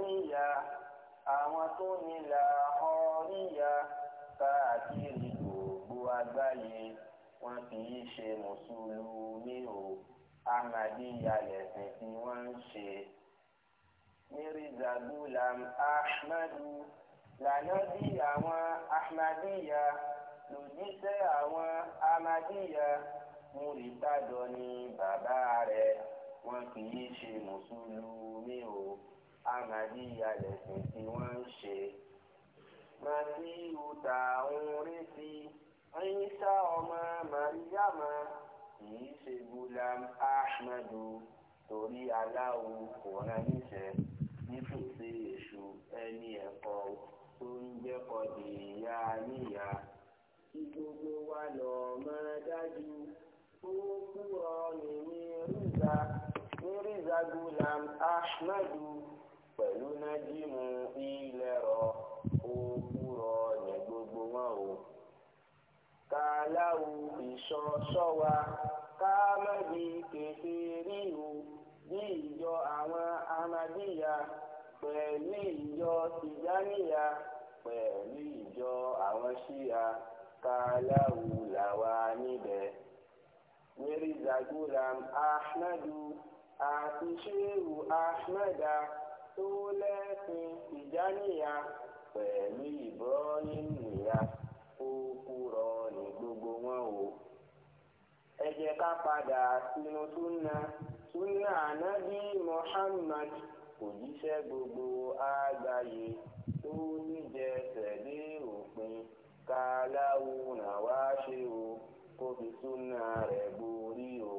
níyà àwọn tó ní làhọ́ níyà káàkiri gbogbo àgbáyé wọn kì í ṣe mùsùlùmí o ahmadiyya lẹ̀sìn wọ́n ń ṣe. mirza ahmadu lànàbí àwọn ahmadiyya lòjíṣẹ́ àwọn ahmadiyya múrítàdọ́ ni bàbá rẹ̀ wọn kì í ṣe mùsùlùmí o ahmadiyya lẹ̀sìn tí wọ́n ń ṣe. masihu tá à ń retí Ìsá ọmọ Màríyàmá kìí ṣe Gulam Ahmadu torí aláwo kò rán níṣẹ́ nítòsí èṣù ẹni ẹ̀kọ́ tó ń jẹ́kọ̀ọ́ di ìyá níyà kí gbogbo wa lọ máa dájú tó kúrọ̀ ní Mírízà Mírízà Gulam Ahmadu pẹ̀lú nájímù ìlẹ̀rọ òkúrọ̀ ní gbogbo wọn o. kàláwù ìṣọṣọ́ wa ká má di kété ríru bí ìjọ àwọn amadíyà pẹ̀lú ìjọ tìjáníyà pẹ̀lú ìjọ àwọn ṣíya kàláwù làwa níbẹ̀. Mirza Gulam Ahmadu àti Shehu Ahmada. tó lẹ́sìn ìjáníyà pẹ̀lú ìbọ́yìn nìyà kókó rọ ní gbogbo wọn o. ẹ jẹ́ ká padà sínú súnà súnà ànábì Muhammad òjíṣẹ́ gbogbo àgbáyé tó níjẹsẹ̀ dé òpin ká láwùrán wá ṣe o kó fi súnà rẹ̀ borí o.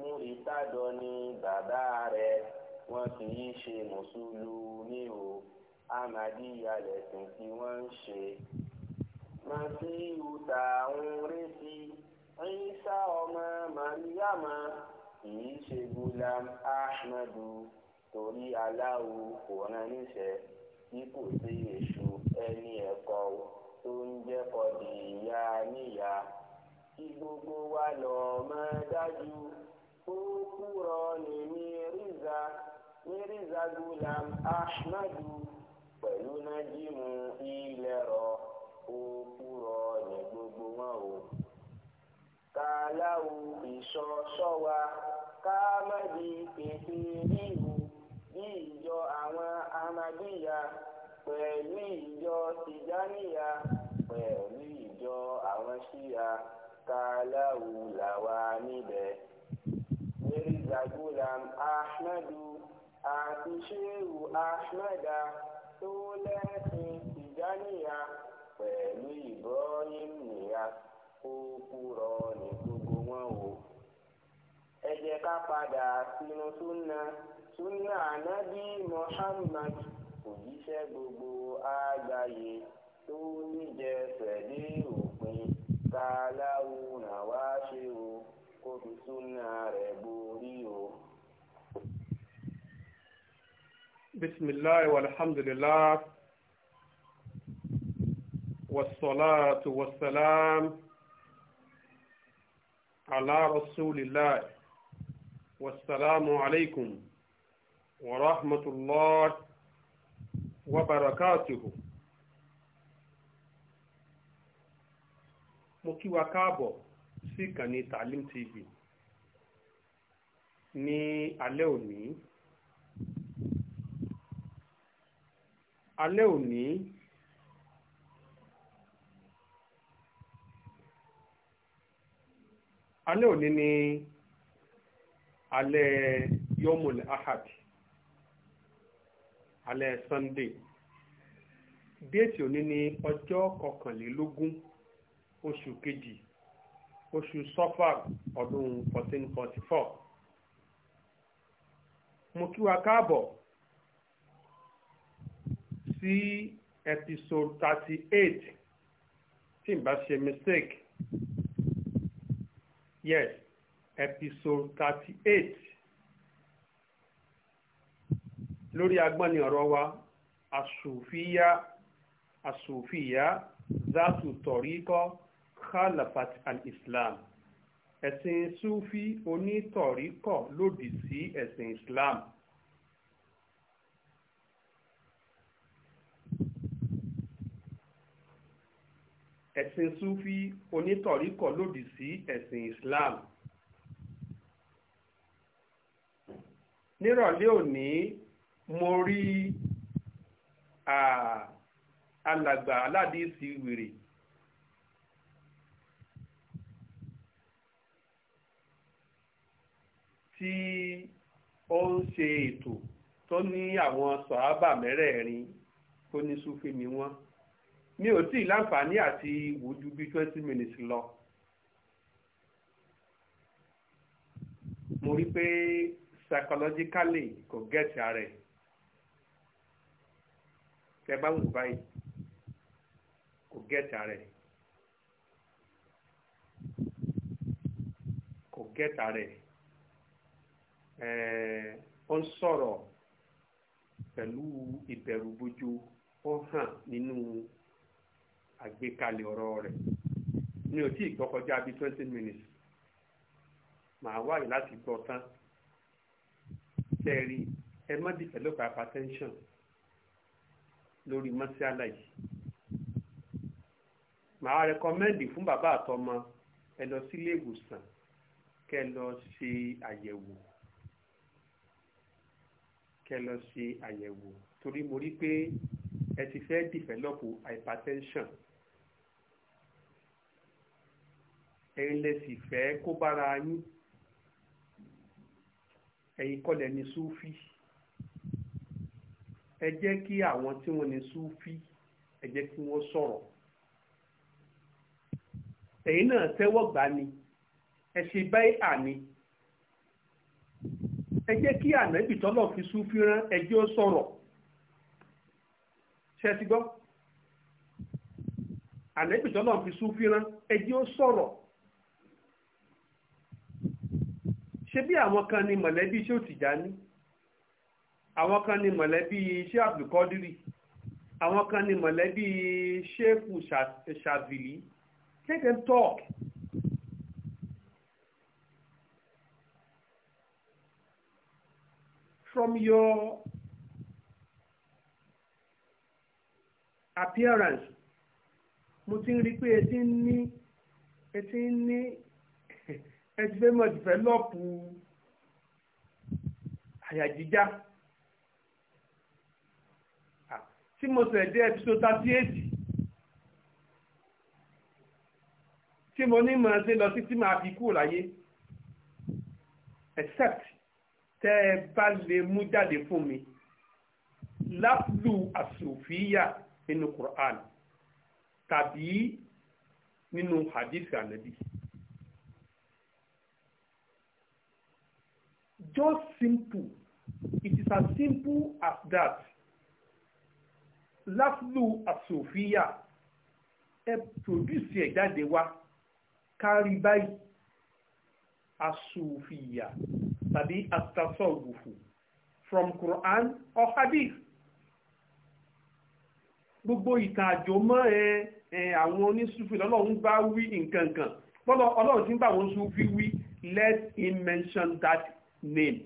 múrítàdọ ní bàbá rẹ wọn kì í ṣe mùsùlùmí o amadiya lẹ̀sìn tí wọ́n ń ṣe. masiu tá à ń retí Ìsá ọmọ mariama kì ṣe gulam ahmadu torí aláwo kò rán níṣẹ́ tí kò sí èṣù ẹni ẹ̀kọ́ tó ń jẹ́kọ̀ dìyà níyà kí gbogbo wa lọ́ọ́ mọ̀ dájú. kúrọ̀ ní mírízà mírízà gulam ahmadu pẹ̀lú nájímù ilẹ̀rọ òkúrọ̀ ní gbogbo wọn o. kàláwù ìṣọṣọ́wa káàmàdì pèsè ríru bí ìjọ àwọn amadíyà pẹ̀lú ìjọ tìjáníyà pẹ̀lú ìjọ àwọn ṣíyà kàláwù làwa níbẹ̀. gulam ahmadu àti ṣéwù ahmeda tó lẹ́sìn tìjáníyà pẹ̀lú ìbọ́yìn nìyà ó kúrọ̀ ní gbogbo wọn o. ẹ jẹ́ ká padà sínú súnà súnà ànábì muhammad òjíṣẹ́ gbogbo àgbáyé tó níjẹsẹ̀ dé òpin tá láwùrán wá ṣe o. بسم الله والحمد لله والصلاة والسلام على رسول الله والسلام عليكم ورحمة الله وبركاته مكي وكابو sí ìkànnì Talim TV ní alẹ́ òní alẹ́ òní alẹ́ òní ni alẹ́ yomul ahad alẹ́ Sunday déètì òní ni ọjọ́ kọkànlélógún oṣù kejì oṣù sọfàr ọdún 1444 mo kí wa káàbọ̀ sí episode 38 tí n bá ṣe mistake yes episode 38 lórí agbọ́ni ọ̀rọ̀ wa asòfíà asòfíà zátù tọ̀ríkọ́ khalafat al-islam ẹ̀sìn sufi onítọ̀ríkọ̀ lòdì sí ẹ̀sìn islam. ẹ̀sìn sufi onítọ̀ríkọ̀ lòdì sí ẹ̀sìn islam. nírọ̀lẹ́ òní mo rí alàgbà aládìsí wèrè. tí ó ń ṣe ètò tó ní àwọn sọ̀hábà mẹ́rẹ̀ẹ̀rin tó ní súfì ni wọ́n mi ò tí ì láǹfààní àti wò ju bí twenty minutes lọ. mo rí pé psychologically kò gẹ̀ẹ́tì ara tẹ bá wù báyìí kò gẹ̀ẹ́tì ara kò gẹ̀ẹ́tì ara ó ń sọ̀rọ̀ pẹ̀lú ìbẹ̀rù bojo ó hàn nínú àgbékalẹ̀ ọ̀rọ̀ rẹ̀ mi ò tí ì gbọ́ kọjá bíi twenty minutes màá wáyé láti gbọ́ tán tẹ́ẹ̀rí ẹ má di pẹ̀lú hypertension lórí mọ́sálà yìí màá rẹkọmẹ́ndì fún bàbá àtọmọ ẹ lọ sílé ìwòsàn kẹ́ ẹ lọ ṣe àyẹ̀wò kẹ́ lọ ṣe àyẹ̀wò torí mo rí pé ẹ ti fẹ́ dìfẹ́lọ́pù hypertension ẹ̀yin lè sì fẹ́ kó bára yín ẹ̀yin kọ́lẹ̀ ní súfì ẹ jẹ́ kí àwọn tí wọ́n ní súfì ẹ jẹ́ kí wọ́n sọ̀rọ̀ ẹ̀yin náà tẹ́wọ́ gbà ni ẹ ṣe báyìí àní ẹ jẹ́ kí ànábì tọ́lọ̀ fi súfì rán ẹjọ́ sọ̀rọ̀ ṣe ti gbọ́ ànábì tọ́lọ̀ fi súfì rán ẹjọ́ sọ̀rọ̀ ṣé bí àwọn kan ni mọ̀lẹ́bí ṣé ò Tìjàní àwọn kan ni mọ̀lẹ́bí ṣé Abdulkadiri àwọn kan ni mọ̀lẹ́bí ṣéèkù ṣàvìlì take them from your appearance mo ti ń rí pé ẹ ti ń ní ẹ ti ń ní ẹ ti fẹ́ mọ̀ dìfẹ́lọ́pù àyà jíjá ah, tí mo sẹ̀ dé episode thirty eight tí mo ní mọ̀ ẹ́ sí lọ sí tí fi kúrò láyé except tẹ́ ẹ bá lè mú jáde fún mi lápùlù àsòfíyà nínú Qur'an tàbí nínú hadith ànábì. just simple it is as simple as that láflù àsòfíà ẹ pòdùsì ẹ jáde wá kárí báyìí asùfìyà tàbí àtàsọ̀wùfù from Quran or Hadith gbogbo ìtàn àjò mọ́ ẹ àwọn onísùfì lọ́lọ́run bá wí nǹkan kan bọ́lọ̀ ọlọ́run tí ń bá wọn sùfì wí let him mention that name.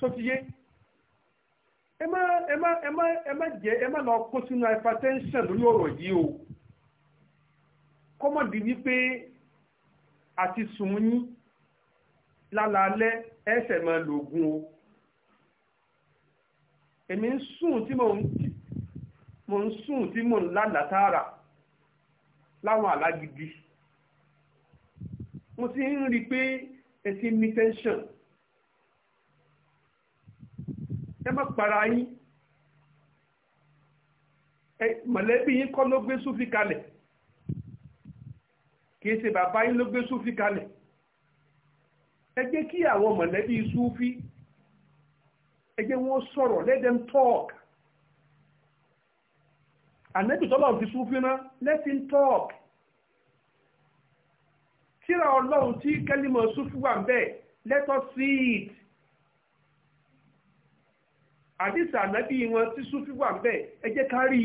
So sotiye ẹ má ẹ má ẹ má ẹ má jẹ ẹ má lọ kó sínú hypertension lórí ọ̀rọ̀ yìí o kọ́mọ̀dì wípé àti sùn yín lálaalẹ́ ẹsẹ̀ máa lògùn o èmi ń sùn tí mò ń mò ń sùn tí mò ń lálàá tààrà láwọn alágídí mo ti ń rí i pé ẹ ti ní tẹ́ńṣọ̀n ẹ má para yín mọ̀lẹ́bí yín kọ́ ló gbé súfì kalẹ̀ kìí ṣe bàbá yín ló gbé súfì kalẹ̀ ẹ jẹ́ kí àwọn mọ̀lẹ́bí súfì ẹ jẹ́ wọ́n sọ̀rọ̀ let them talk ànẹ́bí tọ́lọ̀ fi súfì náà let him talk kíra ọlọ́run tí kẹ́límọ̀ súfì wà bẹ́ẹ̀ let us see it àdìsí ànábì wọn tí súfì wà bẹ́ẹ̀ ẹ jẹ́ ká rí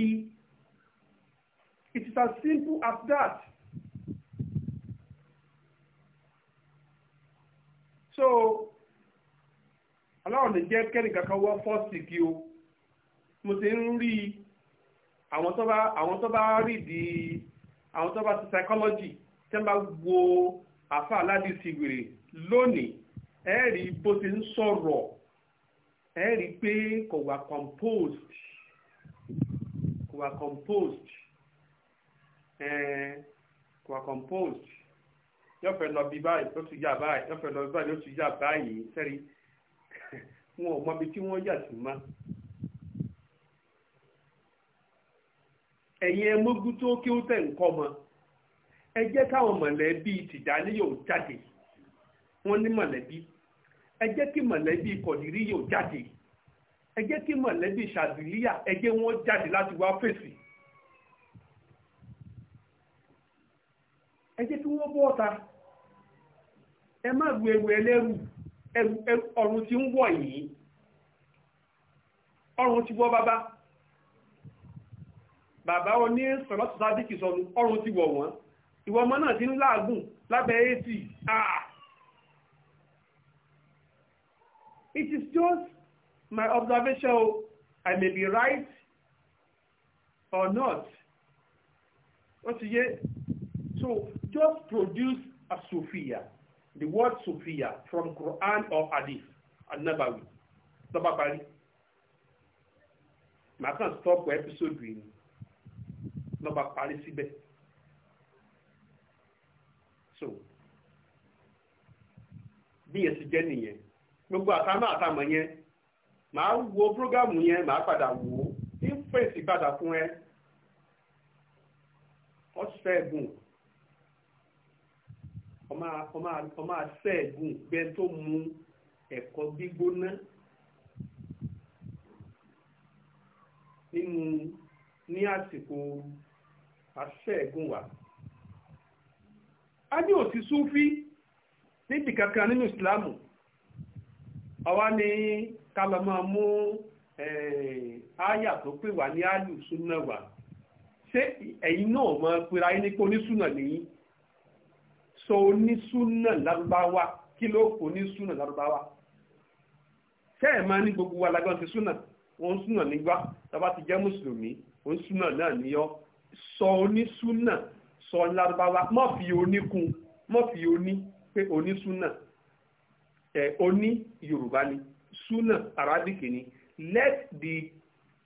i it is as simple as that. so aláwọ̀ lè jẹ́ kẹ́nìkan kan wọ́ fọ́ọ̀sì kí o mo ti ń rí àwọn tó bá àwọn tó bá rí di àwọn tó bá ti psychology tí wọ́n bá wo àfa aládìsí wèrè lónìí ẹ rí bó ti ń sọ̀rọ̀ ẹ rí pé kò wà composed kò wà composed ẹ kò wà composed yóò fẹ́ lọ bí báyìí yóò tún yà báyìí yóò fẹ́ lọ bí báyìí yóò tún yà báyìí sẹ́rí wọn ò mọbi tí wọ́n yà sí ma. ẹ̀yin ẹ mógún tó kí ó tẹ̀ ń kọ́ mọ ẹ jẹ́ káwọn mọ̀lẹ́bí tìjàní yóò jáde wọ́n ní mọ̀lẹ́bí ẹ jẹ́ kí mọ̀lẹ́bí kọ̀dírí yóò jáde ẹ jẹ́ kí mọ̀lẹ́bí ṣàdìlíyà ẹ jẹ́ wọ́n jáde láti wá fèsì. ẹ jẹ́ kí wọ́n bọ́ ọ̀ta ẹ má ru ewu ẹlẹ́rù ọrùn ti ń wọ̀ yìí ọrùn ti wọ́ bàbá bàbá wọn ní sọ̀rọ̀tù sádìkì sọnù ọrùn ti wọ̀ wọ́n ìwọ ọmọ náà ti ń láàgùn lábẹ́ èsì ah it is just my observation I may be right or not wọ́n ti yé so just produce a sophia the word Sophia from Quran or Hadith anabawi tọ́ba parí màá kàn stọ́ọ̀pù ẹ́písòdù yìí lọ́ba parí síbẹ̀ so bí yẹn ti jẹ́ nìyẹn gbogbo àtàmọ́ àtàmọ́ yẹn màá wo program, yẹn màá padà wò ó ní fèsì padà fún ẹ ọ̀sẹ̀ ẹ̀gùn ọmọ àṣẹ́gun bẹ́ẹ̀ tó mu ẹ̀kọ́ gbígbóná nínú ní àsìkò àṣẹ́gun wa. a ní òsì súfí níbi kankan nínú ìsìlámù àwa ni ká lọ máa mú áyà tó pè wá ní áyù súnà wá ṣé ẹ̀yin náà máa pera yín pé onísùnà nìyí sọ onísúnà lárúbáwá kí ló kò ní súnà lárúbáwá ṣé ẹ̀ máa ní gbogbo wa lágbọ́n ti súnà òun súnà nígbà tọ́ba ti jẹ́ mùsùlùmí òun súnà náà níyọ́ sọ onísúnà sọ lárúbáwá mọ̀ fi oníkun mọ̀ fi oní pé onísúnà ẹ̀ oní yorùbá ni súnà arabic ni let the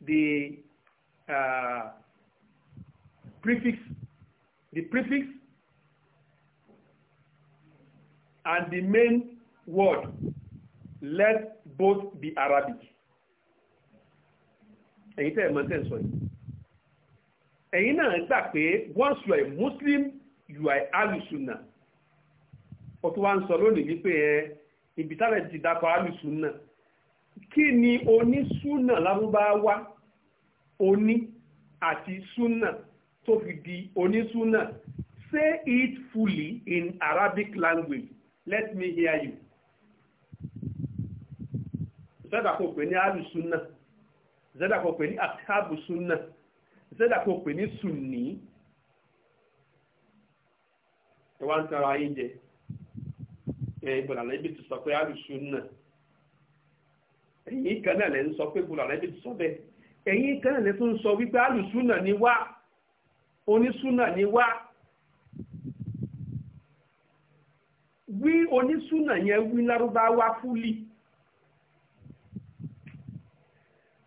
the uh, prefix the prefix and the main word let both be Arabic ẹ̀yin tẹ́ ẹ̀ mọ̀ tẹ́ ń sọ yìí ẹ̀yin náà gbà pé once you are a Muslim you are alusuna ó tún wá ń sọ lónìí wípé ẹ ibi tálẹ̀ ti dakọ̀ alusuna kí ni onísúnà lárúbáwá oní àti súnà tó fi di onísúnà say it fully in Arabic language let me hear you zẹ́dà kò pè ní alùsùnà zẹ́dà kò pè ní àtàbùsùnà zẹ́dà pe pè ní sùnì ẹwà ń tara ayé jẹ ìbùdàlẹ́ ibi ti sọ pé alùsùnà ẹ̀yìn kan náà lẹ́ ń sọ pé ìbùdàlẹ́ ibi ti sọ bẹ́ẹ̀ ẹ̀yìn kan náà lẹ́ tún sọ wípé alùsùnà ni wá onísùnà ni wá. bí onísùnà yẹn wí lárúbáwá fúlì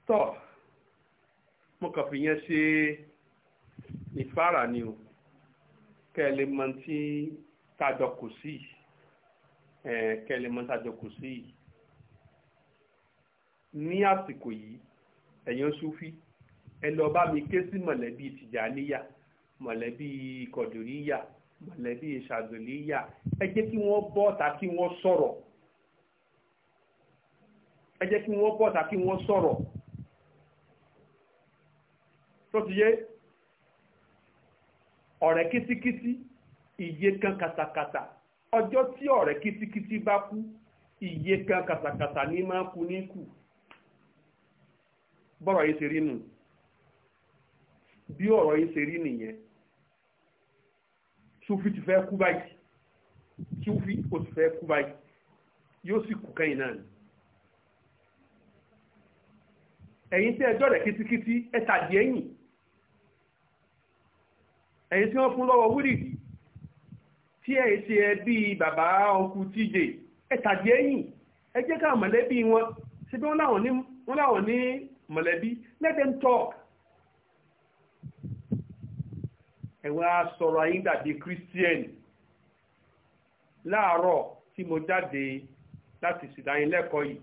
tọ́ mo kàn fi yẹn ṣe ìfára ni o kẹ́ ẹ lè mọ tí tájọ kò sí kẹ́ ẹ lè mọ tájọ kò sí ní àsìkò yìí ẹ̀yin sufi ẹ lọ bá mi ké sí mọ̀lẹ́bí tìjàníyà mọ̀lẹ́bí kọ̀dùríyà mọ̀lẹ́bí ìṣàdùlíyà ẹ jẹ́ kí wọ́n bọ́ta kí wọ́n sọ̀rọ̀ ẹ jẹ́ kí wọ́n bọ́ta kí wọ́n sọ̀rọ̀ tó ti yé ọ̀rẹ́ kìtìkìtì iye kan kàtàkàtà ọjọ́ tí ọ̀rẹ́ kìtìkìtì bá kú iye kan kàtàkàtà ní máa kú ní kù bọ́rọ̀ yìí ṣe rí nù bí ọ̀rọ̀ yìí ṣe rí nìyẹn sufi ti fẹ́ kú báyìí sufi ó ti fẹ́ kú báyìí yóò sì kú kẹ́yìn náà ni ẹ̀yin tí ẹjọ́ rẹ̀ kitikiti ẹ tàdí ẹ̀yìn ẹ̀yin tí wọ́n fún lọ́wọ́ wúrìdì tí ẹ̀ ṣe ẹbí bàbá ọkù tíje ẹ tàdí ẹ̀yìn ẹ jẹ́ ká mọ̀lẹ́bí wọn ṣe bí wọ́n ní mọ̀lẹ́bí let them talk ẹ̀wọ̀n á sọ̀rọ̀ ayé dàbí christian láàárọ̀ tí mo jáde láti ṣìdánilẹ́kọ̀ọ́ yìí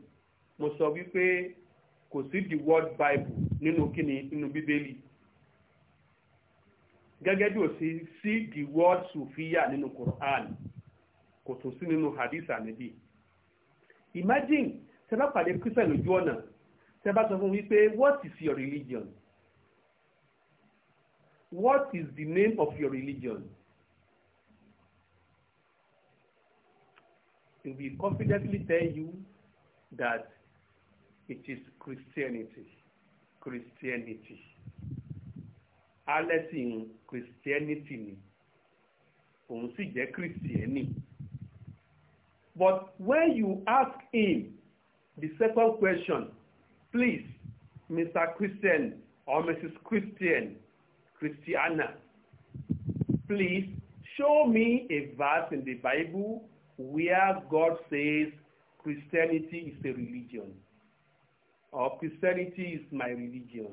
mo sọ wípé kò sí the word bible nínú kíni nínú bíbélì gẹ́gẹ́ bí ó sì sí the word sufiya nínú quran kò tún sí nínú hadith ànábì imagine tẹ́ bá pàdé christian lójú ọ̀nà tẹ́ bá sọ fún wípé what is your religion What is the name of your religion? He will confidently tell you that it is Christianity. Christianity. Alẹ́sìn Christianity ni. Òun sì jẹ́ Christianity. But when you ask him the second question, please, Mr. Christian or Mrs. Christian, Christiana, please show me a verse in the Bible where God says Christianity is a religion or Christianity is my religion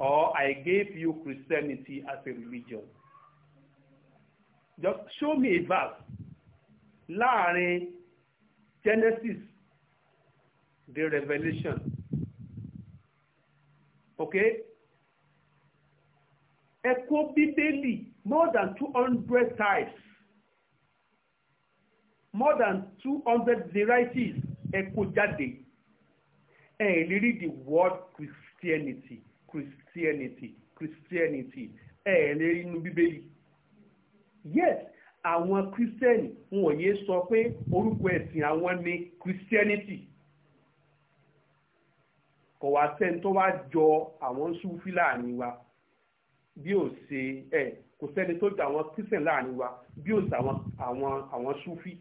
or I gave you Christianity as a religion. Just show me a verse láàrin Genesis the Revelation okay ẹ kó bíbélì more than two hundred types more than two hundred varieties ẹ kó jáde ẹ lè the word Christianity Christianity Christianity ẹ lè rí inú bíbélì yes àwọn kírísítẹ́nì wọn yé sọ pé orúkọ ẹ̀sìn àwọn ni Christianity. kò wá sẹ́ni tó wá jọ àwọn sùfí láàrin wa bí ó ṣe ẹ kò sẹ́ni tó ju àwọn christian láàrin wa bí ó ṣe àwọn àwọn àwọn sufi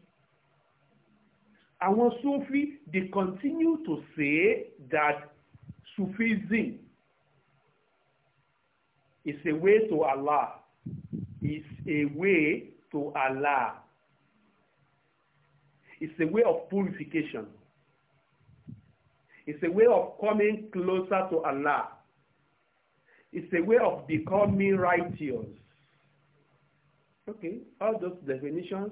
àwọn sufi they continue to say that sufism is a way to Allah is a way to Allah. is a way of purification. is a way of coming closer to Allah. It's a way of becoming righteous. Okay, all those definitions,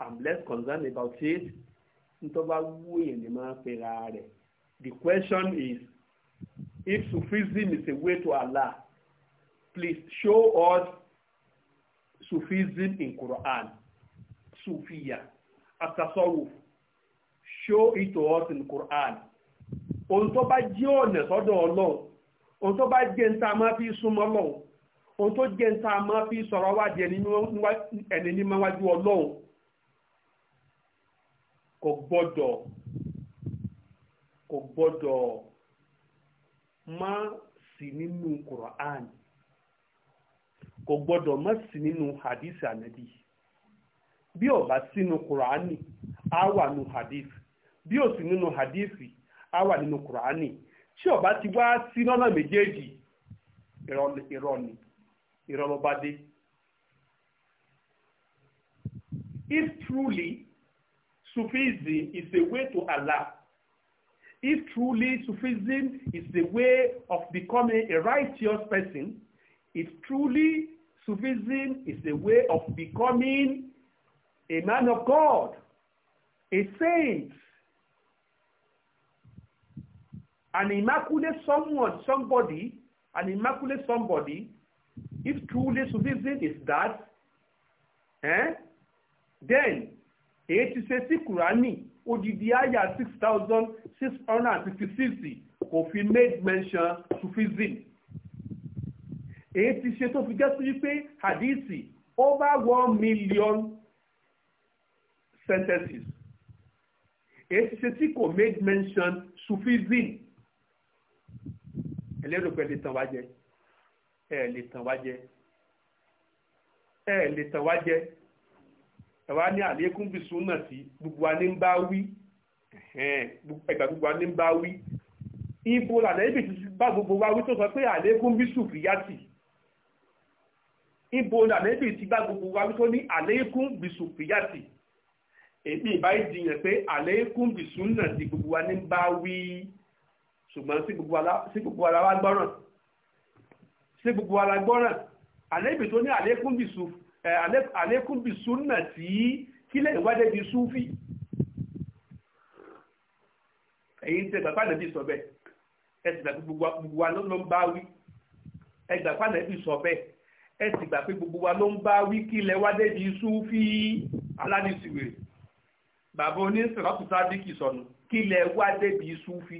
I'm less concerned about it. The question is, if Sufism is a way to Allah, please show us Sufism in Quran. Sufiya, Atasawuf, show it to us in Quran. Ohun tó bá jẹ́ ọ̀nà sọ́dọ̀ Ọlọ́run ohun tó bá jẹ́ ń ta máa fi súnmọ́ lọ́hùn ohun tó jẹ́ ń ta máa fi sọ̀rọ̀ wá di ẹni ní máwájú ọlọ́hùn kò gbọ́dọ̀ kò gbọ́dọ̀ má sí nínú Qur'an kò gbọ́dọ̀ má sí nínú hadith anabi bí ó bá sínú Qur'ani á wà nínú hadith bí o sì nínú hadith á wà nínú Qur'ani. tí ọba ti wá sí lọ́nà méjèèjì irọ́ ni irọ́ ló bá dé. If truly Sufism is a way to Allah, if truly Sufism is a way of becoming a righteous person, if truly Sufism is a way of becoming a man of God, a saint. An immaculate someone, somebody, an immaculate somebody, if truly Sufism is that, eh, then eighty-six ṣe sí Kùránì odidi àyà six thousand six hundred and fifty-six kò fi made mention Sufism. èyí ti ṣe tó fi jẹ́ sí wípé hadisi over one million sentences. Eighty-six ṣe kò made mention Sufism ẹlẹ́rù pé ẹ lè tàn wá jẹ ẹ lè tàn wá jẹ ẹ lè tàn wá jẹ ẹ wá ní àlékún bí súnà tí gbogbo wa ní ń bá wí ẹgbà gbogbo wa ní ń bá wí ibo lànà ibi tí bá gbogbo wa wí tó sọ pé àlékún bí sùfìyàtì ibo lànà ibi tí bá gbogbo wa wí tó ní àlékún bí sùfìyàtì èmi ìbáyìí jiyàn pé àlékún bí súnà tí gbogbo wa ní ń bá wí ṣùgbọ́n sí gbogbo ara wa gbọ́ràn sí gbogbo ara gbọ́ràn àléébì tó ní àlékún bí súnà tí kílẹ̀ ìwádẹ́ bí súnfì èyí tẹ bàbá nàbí sọ bẹ́ẹ̀ ẹ sì gbà pé gbogbo wa ló ń bá wí ẹ gbà pé nàbí sọ bẹ́ẹ̀ ẹ sì gbà pé gbogbo wa ló ń bá wí kílẹ̀ wádẹ́ bí súnfì aládìsíwèrè bàbá oníṣẹ́ ọ̀tún sábìkì sọnù kílẹ̀ wádẹ́ bí súnfì.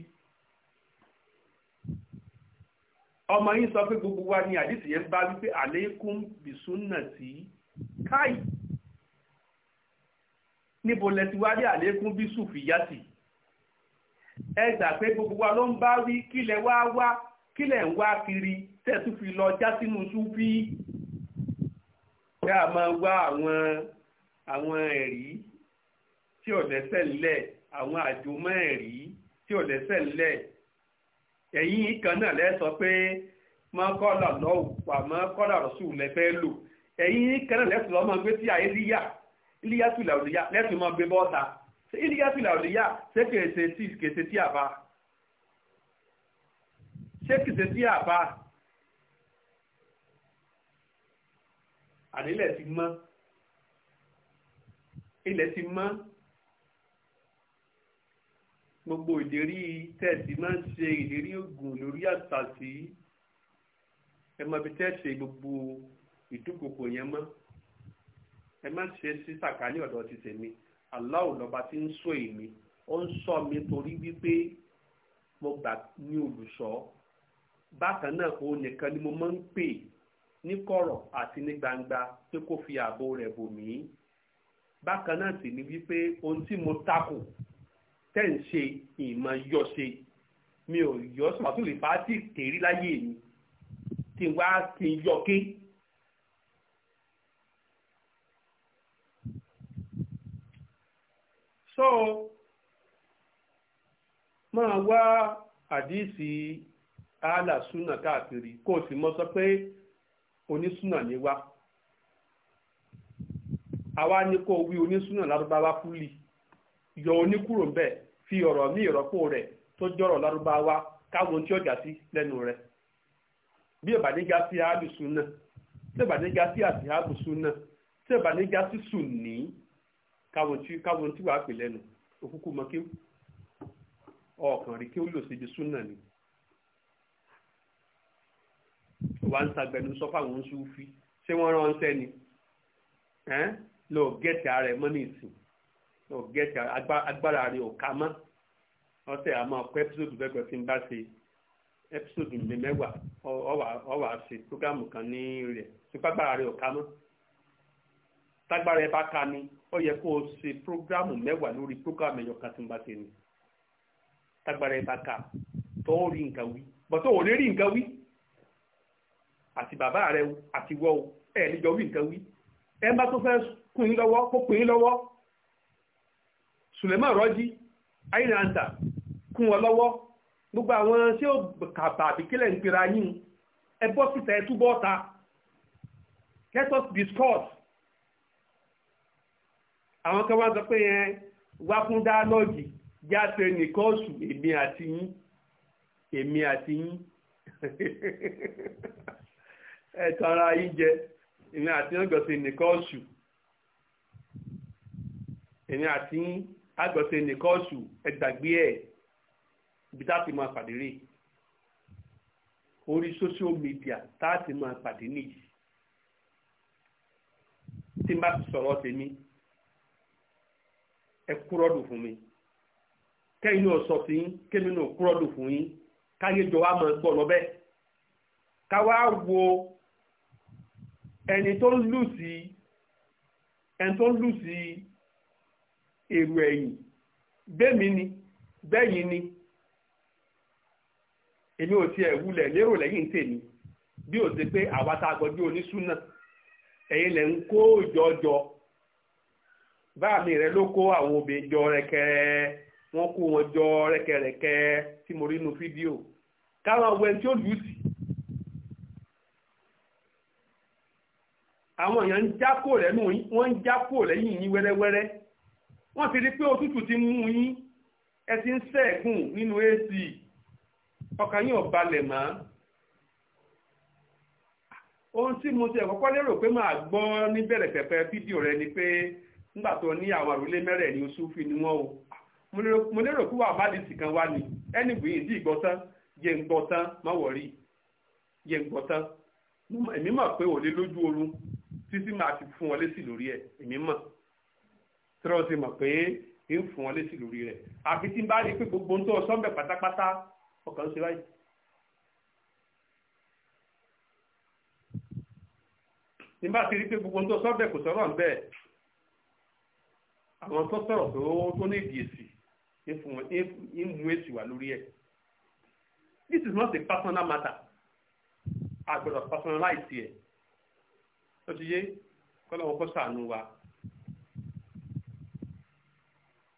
ọmọ yín sọ pé gbogbo wa ni àdìsí yẹn bá wípé àlékún bìsúnà tí káì níbo lẹ ti wá rí àlékún bí sùfìyàtì ẹ gbà pé gbogbo wa ló ń bá wí kílẹ̀ wá wá kílẹ̀ ń wá kiri tẹ̀tù fi lọ já sínú súfì kí a máa wá àwọn àwọn ẹ̀rí tí ò lẹ́sẹ̀ ńlẹ̀ àwọn àjòmọ́ ẹ̀rí tí ò lẹ́sẹ̀ ńlẹ̀ ẹ̀yin kan náà lẹ́ sọ pé mọ́kọ́lá lọ́wọ́ wà mọ́kọ́lá rọ̀ṣù lẹ́fẹ́ lò ẹ̀yin kan náà lẹ́sùn lọ́mọ gbé sí àyè líyà líyà tùlà òlìyà lẹ́sùn mọ́ gbé bọ́ta líyà tùlà òlìyà ṣé kèsè tí kèsè tí àbá ṣé kèsè tí àbá àdílẹ̀ ti mọ́ ilẹ̀ ti mọ́ gbogbo ìlérí tẹ̀sí máa ń ṣe ìlérí oògùn lórí àtàtì ẹ mọ ibi tẹ́ẹ̀ṣe gbogbo ìdúkokò yẹn mọ́ ẹ má ṣe sí sàkání ọ̀dọ̀ ti tèmi aláwọ̀ lọ́ba ti ń sọ èmi ó ń sọ mi torí wípé mo gbà ní olùṣọ́ bákan náà òun nìkan ni mo máa ń pè ní kọ̀rọ̀ àti ní gbangba pé kó fi ààbò rẹ̀ bò mí bákan náà sì ni wípé ohun tí mo takò tẹ́ ń ṣe ìmọ̀ yọ ṣe mi ò yọ sọ̀tún lè bá tí kèrí láyé mi tí wá ti yọ ké. so máa wá àdíìsì ààlà súnà káàkiri kó o sì mọ sọ pé onísúnà ni wá àwa ni kó wí onísúnà lárúbáwá fúlì. yọ oníkúrò ń fi ọ̀rọ̀ ní ìrọ́pò rẹ tó jọ̀rọ̀ lárúbáwá káwọn tí ọjà sí lẹnu rẹ bí ìbàdíga sí àlùsùn náà tí ìbàdíga sí àti àbùsùn náà tí ìbàdíga sí sùn ní káwọn tí káwọn tí wàá pè lẹ́nu òkúkú kí ọkàn rí kí ó lò sùn náà ni. ń sọ fáwọn oṣù fi ṣé wọ́n rán so gẹ̀ẹ́sì agbára rẹ̀ ò ká mọ́ ọ̀sẹ̀ àmọ́ ọ̀pọ̀ ẹ́písòdù fẹ́gbẹ́ tí ń bá ṣe ẹ́písòdù mẹ́wàá ọ̀wà ṣe prógámù kan ní rẹ̀ ṣùgbọ́n agbára rẹ̀ ò ká mọ́ tágbára ẹ bá ká ni ó yẹ kó o ṣe prógámù mẹ́wàá lórí prógámù ẹ̀yọ̀ kan tí ń bá ṣe ni tágbára ẹ bá ká tó ń rí nǹkan wí bọ́tọ̀ ò lè rí nǹkan wí àti bàbá rẹ àti wọ́ ẹ̀ níjọ wí nǹkan wí ẹ bá tó fẹ́ kún yín lọ́wọ́ kó kún yín lọ́wọ́ Suleiman Rọ́jí àìrànta kún wọn lọ́wọ́ gbogbo àwọn tí ó kàbà àbíkílẹ̀ ń pera yín ẹ bọ́ síta ẹ túbọ̀ ta let us discuss àwọn kan wá sọ pé yẹn wá fún dáálọ́ọ̀gì jáde nìkan oṣù èmi àti yín èmi àti yín ẹ̀tọ́ ara yín jẹ èmi àti yín ọ̀gọ̀sìn nìkan oṣù èmi àti yín àgbọ̀sẹ̀ nìkọ́ọ̀sù ẹgbàgbé ẹ̀ ibi tá a ti máa pàdé rè orí social media tá a ti máa pàdé nìyí tí n bá ti sọ̀rọ̀ tèmi ẹ kúrọ́dù fún mi kẹ́yìn náà sọ sí kémi náà kúrọ́dù fún yín káyéjọ wa máa gbọ́ lọ ká wá wo ẹni tó ń lù sí ẹni tó ń lù sí. eru ẹ̀yìn gbe ni bẹ́yìn ni èmi ò tiẹ̀ wulẹ̀ lérò lẹ́yìn tèmi bí ó pé àwa tá a gbọ́jú oníṣúná ẹ̀yin lẹ̀ ń kó ìjọ́jọ́ báàmì rẹ ló kó àwọn obè jọ rẹkẹrẹ wọn kó wọn jọ rẹkẹrẹkẹ tí mo rí nu fídíò káwọn awọn ẹni tí ó lù ú sí àwọn èèyàn ń ń wọ́n ti rí pé òtútù ti mú yín ẹ ti ń sẹ́ẹ̀gùn nínú ac ọkàn yín ò balẹ̀ mọ́ ohun tí mo ti ẹ̀kọ́kọ́ lérò pé máa gbọ́ níbẹ̀rẹ̀ pẹ̀pẹ̀ fídíò rẹ ni pé nígbà tó ní àwọn àròlé mẹ́rẹ̀ ní oṣù fi ni wọ́n o mo lérò pé wàá bàdí sì kan wá ni ẹnì bìí ìdí ìgbọ́ tán yẹ ń gbọ́ tán má wọ̀rí yẹ ń gbọ́ tán èmi mọ̀ pé òlé lójú oorun títí máa ti fún wọn lésì lórí ẹ̀ èmi mọ̀ tọ́rọ ti mọ̀ pé ń fún ọ létí lórí rẹ̀ àfi tí n bá rí i pé gbogbo ń tó ọ sọ́ńbẹ̀ pátápátá ọkàn ṣe báyìí. tí n bá ti rí i pé gbogbo ń tó sọ́ńbẹ̀ kò sọ̀rọ̀ ń bẹ̀ àwọn tó sọ̀rọ̀ tó tó ní ìdí èsì ń mú èsì wà lórí ẹ̀. This is not a personal matter a gbọ́dọ̀ personalize ẹ̀. ó ti yé kọ́lọ́wọ́ kó sànù wa.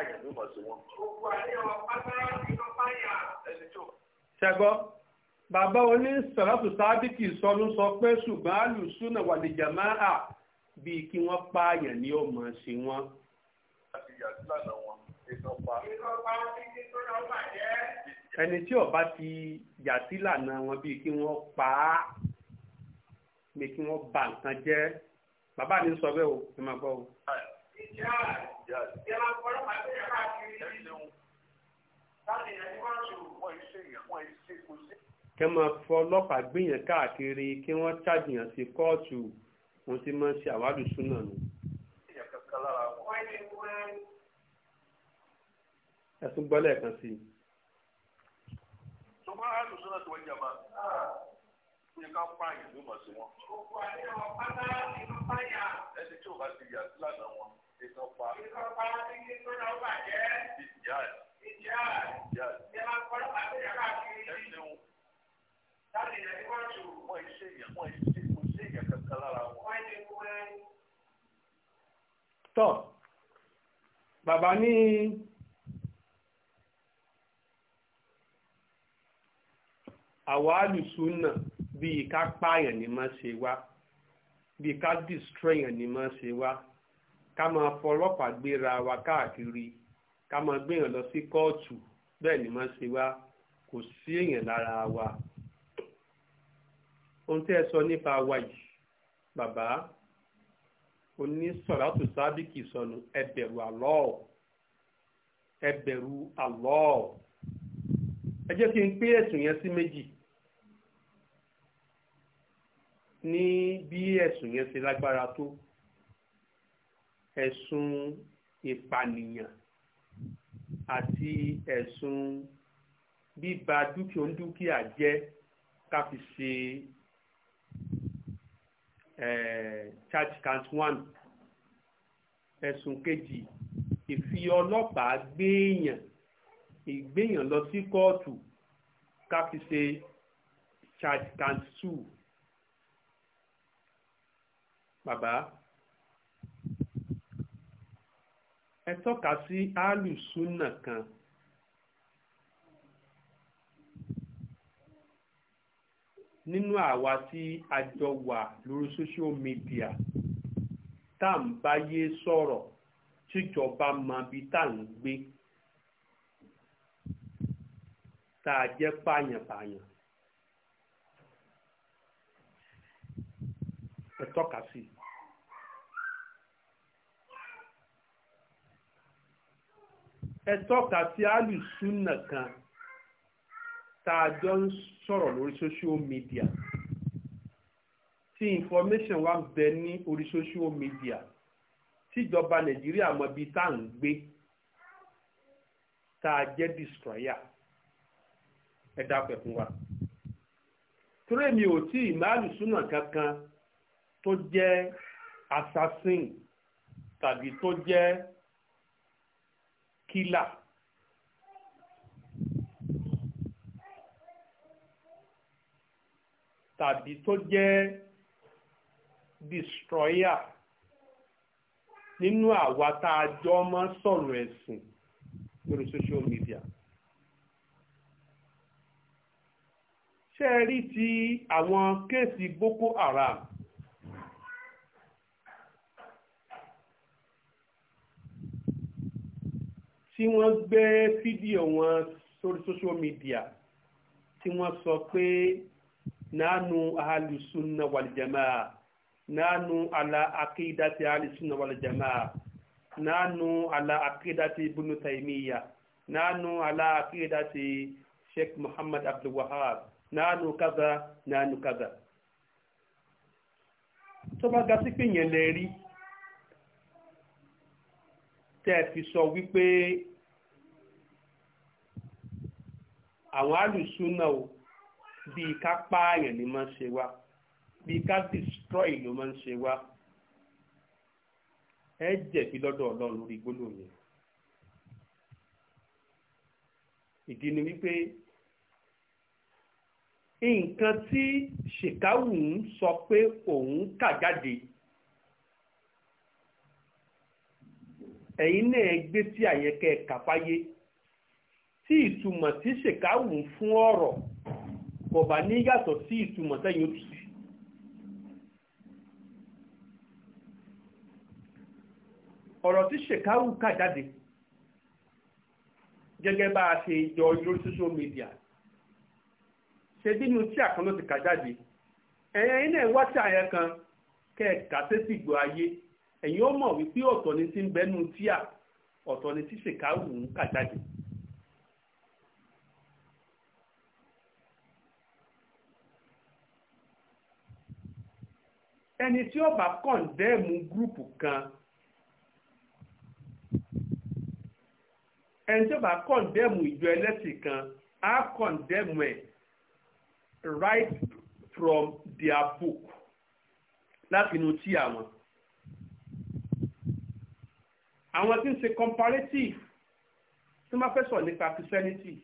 pààyàn ló mọ̀ sí wọn. ṣẹ́gbọ́ bàbá oní sàlátù sábìkì sọlú sọ pé ṣùgbọ́n alùsùnà wà lè jàmá à bí kí wọ́n pààyàn ní ọmọ sí wọn. ẹni tí ọba ti yà sí lànà wọn bí kí wọ́n pa á bí kí wọ́n bà nǹkan jẹ́ bàbá mi sọ bẹ́ẹ̀ o ẹ máa gbọ́ o. Ìjọba ọlọ́pàá ti ṣe káàkiri. Táàdì ẹni wọ́n ṣe wọ́n ṣe ìwọ̀n ìṣe kò sí. Kẹ́ máa fọ ọlọ́pàá gbìyàn káàkiri kí wọ́n ṣàjìyàn sí kóòtù wọn ti máa ń ṣe àwádìí súnà nù. Ẹ̀sùn gbọ́lẹ̀ kan sí i. Ṣùgbọ́n àlùsọ́nà tí wọ́n jàmbá ní ká pààyàn ló mọ̀ sí wọn. Òkú àti ọ̀pá náà ni pààyàn. Ẹni tí ò bá ti yà sí lánàá wọn ìtọ́pa ìtọ́pa ìtọ́pa ọ̀bàjẹ́ ìjà ìjà ìjà ìjọba ọlọ́pàá tó yàrá kiri ẹ̀sìn láti ilẹ̀ tí wọ́n tù. wọ́n ṣe èèyàn wọ́n ṣe kò ṣe èèyàn kankan lára wọn. wọ́n ti kú ẹ. tọ́ bàbá ní. àwa alùsùnà bíi ká pààyàn ni máa ṣe wá bíi ká dìstrẹ̀yàn ni máa ṣe wá ká máa fọlọ́pàá gbéra wa káàkiri ká máa gbéyàn lọ sí kóòtù bẹ́ẹ̀ ni máa ṣe wá kò sí èèyàn lára wa ohun tí ẹ sọ nípa wa yìí bàbá onísọ̀ràtù sábìkì sọnù ẹ jẹ́ kí n pé ẹ̀sùn yẹn sí méjì ní bí ẹ̀sùn yẹn ẹ̀sùn ìpànìyàn àti ẹ̀sùn bíba dúkìá ń dúkìá jẹ́ ká fi ṣe charge count one ẹ̀sùn kejì ìfi ọlọ́pàá gbéèyàn ìgbéèyàn lọ sí kóòtù ká fi ṣe charge count two bàbá. ẹ tọ́ka sí alùsùnà kan nínú àwa tí a jọ wà lórí social media tá à báyé sọ̀rọ̀ tíjọba mọ bí tá à gbé tá a jẹ́ pààyàn-pààyàn ẹ tọ́ka sí i. ẹ tọ́ka sí alùsùnà kan tá a jọ ń sọ̀rọ̀ lórí social media tí information wa ń bẹ ní orí social media tíjọba nàìjíríà mọ ibi tá à ń gbé tá a jẹ́ destroyer ẹ dápẹ́ fún wa. torí mi ò tí ìmáàlù súnà kankan tó jẹ́ assassin tàbí tó jẹ́ kílà tàbí tó jẹ́ destroyer nínú àwa tá a jọ máa sọ̀rọ̀ ẹ̀sìn lórí social media. ṣé ẹ rí ti àwọn kéèsì Boko Haram tí wọ́n gbé fídíò wọn sórí social media tí wọ́n sọ pé nánú ahàlùsùnà wàlìjàmá nánú àlà àkídàtì ahàlùsùnà wàlìjàmá nánú àlà àkídàtì ibùnú tàìmíyà nánú àlà akidati sheikh muhammad abdulwahab nánú kaza nánú kaza tó bá ga sí pé yẹn lè rí tẹ́ fi sọ wípé àwọn alùsúnà o bíi ká pààyàn ni máa ń ṣe wá bíi ká destroy ló máa ń ṣe wá ẹ jẹ̀bi lọ́dọ̀ ọlọ́run lórí gbólóhùn ìdí ni wípé nǹkan tí ṣèkáwù ń sọ pé òun kà jáde ẹ̀yin náà gbé tí àyẹ̀kẹ́ kàfáyé. tí ìtumọ̀ tí ṣèkáwù fún ọ̀rọ̀ kò bá ní yàtọ̀ sí ìtumọ̀ tẹ́yìn òtù sí. ọ̀rọ̀ tí ṣèkáwù kà jáde gẹ́gẹ́ a ṣe yọ lórí social media ṣe bí inú tí àkan ló ti kà jáde ẹ̀yìn ilé wá sí àyẹ̀ kan kẹ́ẹ̀ka sétí gbọ́ ayé ẹ̀yin ó mọ̀ wípé ọ̀tọ̀ ni ti ń bẹ́nu tíà ni tí ṣèkáwù ń kà jáde. ẹni tí ó bá kọ̀ǹdẹ́ẹ̀mù gúrùpù kan ẹni tí ó bá kọ̀ǹdẹ́ẹ̀mù ìjọ ẹlẹ́sìn kan á kọ̀ǹdẹ́ẹ̀mù ẹ̀ right from their book láti inú tí àwọn. àwọn tí ń ṣe comparative tí wọ́n fẹ́ sọ̀rọ̀ nípa christianity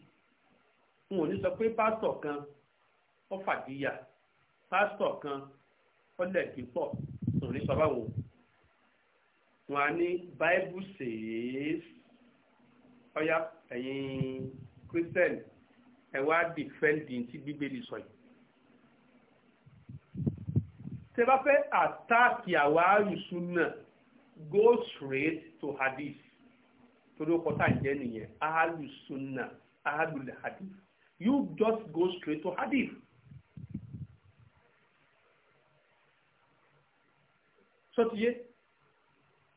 wọn ò ní sọ pé pásítọ̀ kan ó fàdíyà pásítọ̀ kan kọ́lẹ̀ kí pọ̀ sọ̀rọ̀ ní sọ́bà wò wọn á ní báíbù sèés ọ̀yá ẹ̀yin christian ẹ̀ wá dìfẹ́ǹdì tí bíbélì sọ yìí tẹ bá fẹ́ àtáàkì àwa àrùsùnà go straight to hadith torí ó kọta ìjẹ́ nìyẹn àrùsùnà àrùlẹ̀ hadith you just go straight to hadith. sọ́tiyé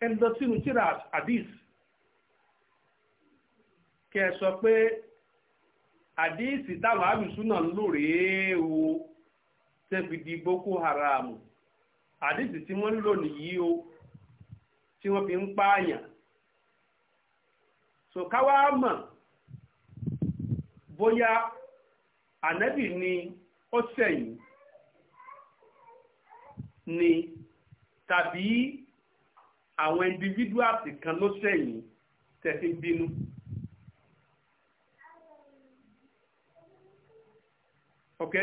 ẹni lọ sínú tíra sọ pé hadith táwọn àlùsúnà ń lò o tepidi di boko haram hadith ti wọ́n ń ni nìyí o tí wọ́n fi ń pààyàn so káwá mọ̀ bóyá ànábì ni ó sẹ̀yìn ni. tàbí àwọn individuals kan ló sẹ́yìn tẹ̀sí bínú. ok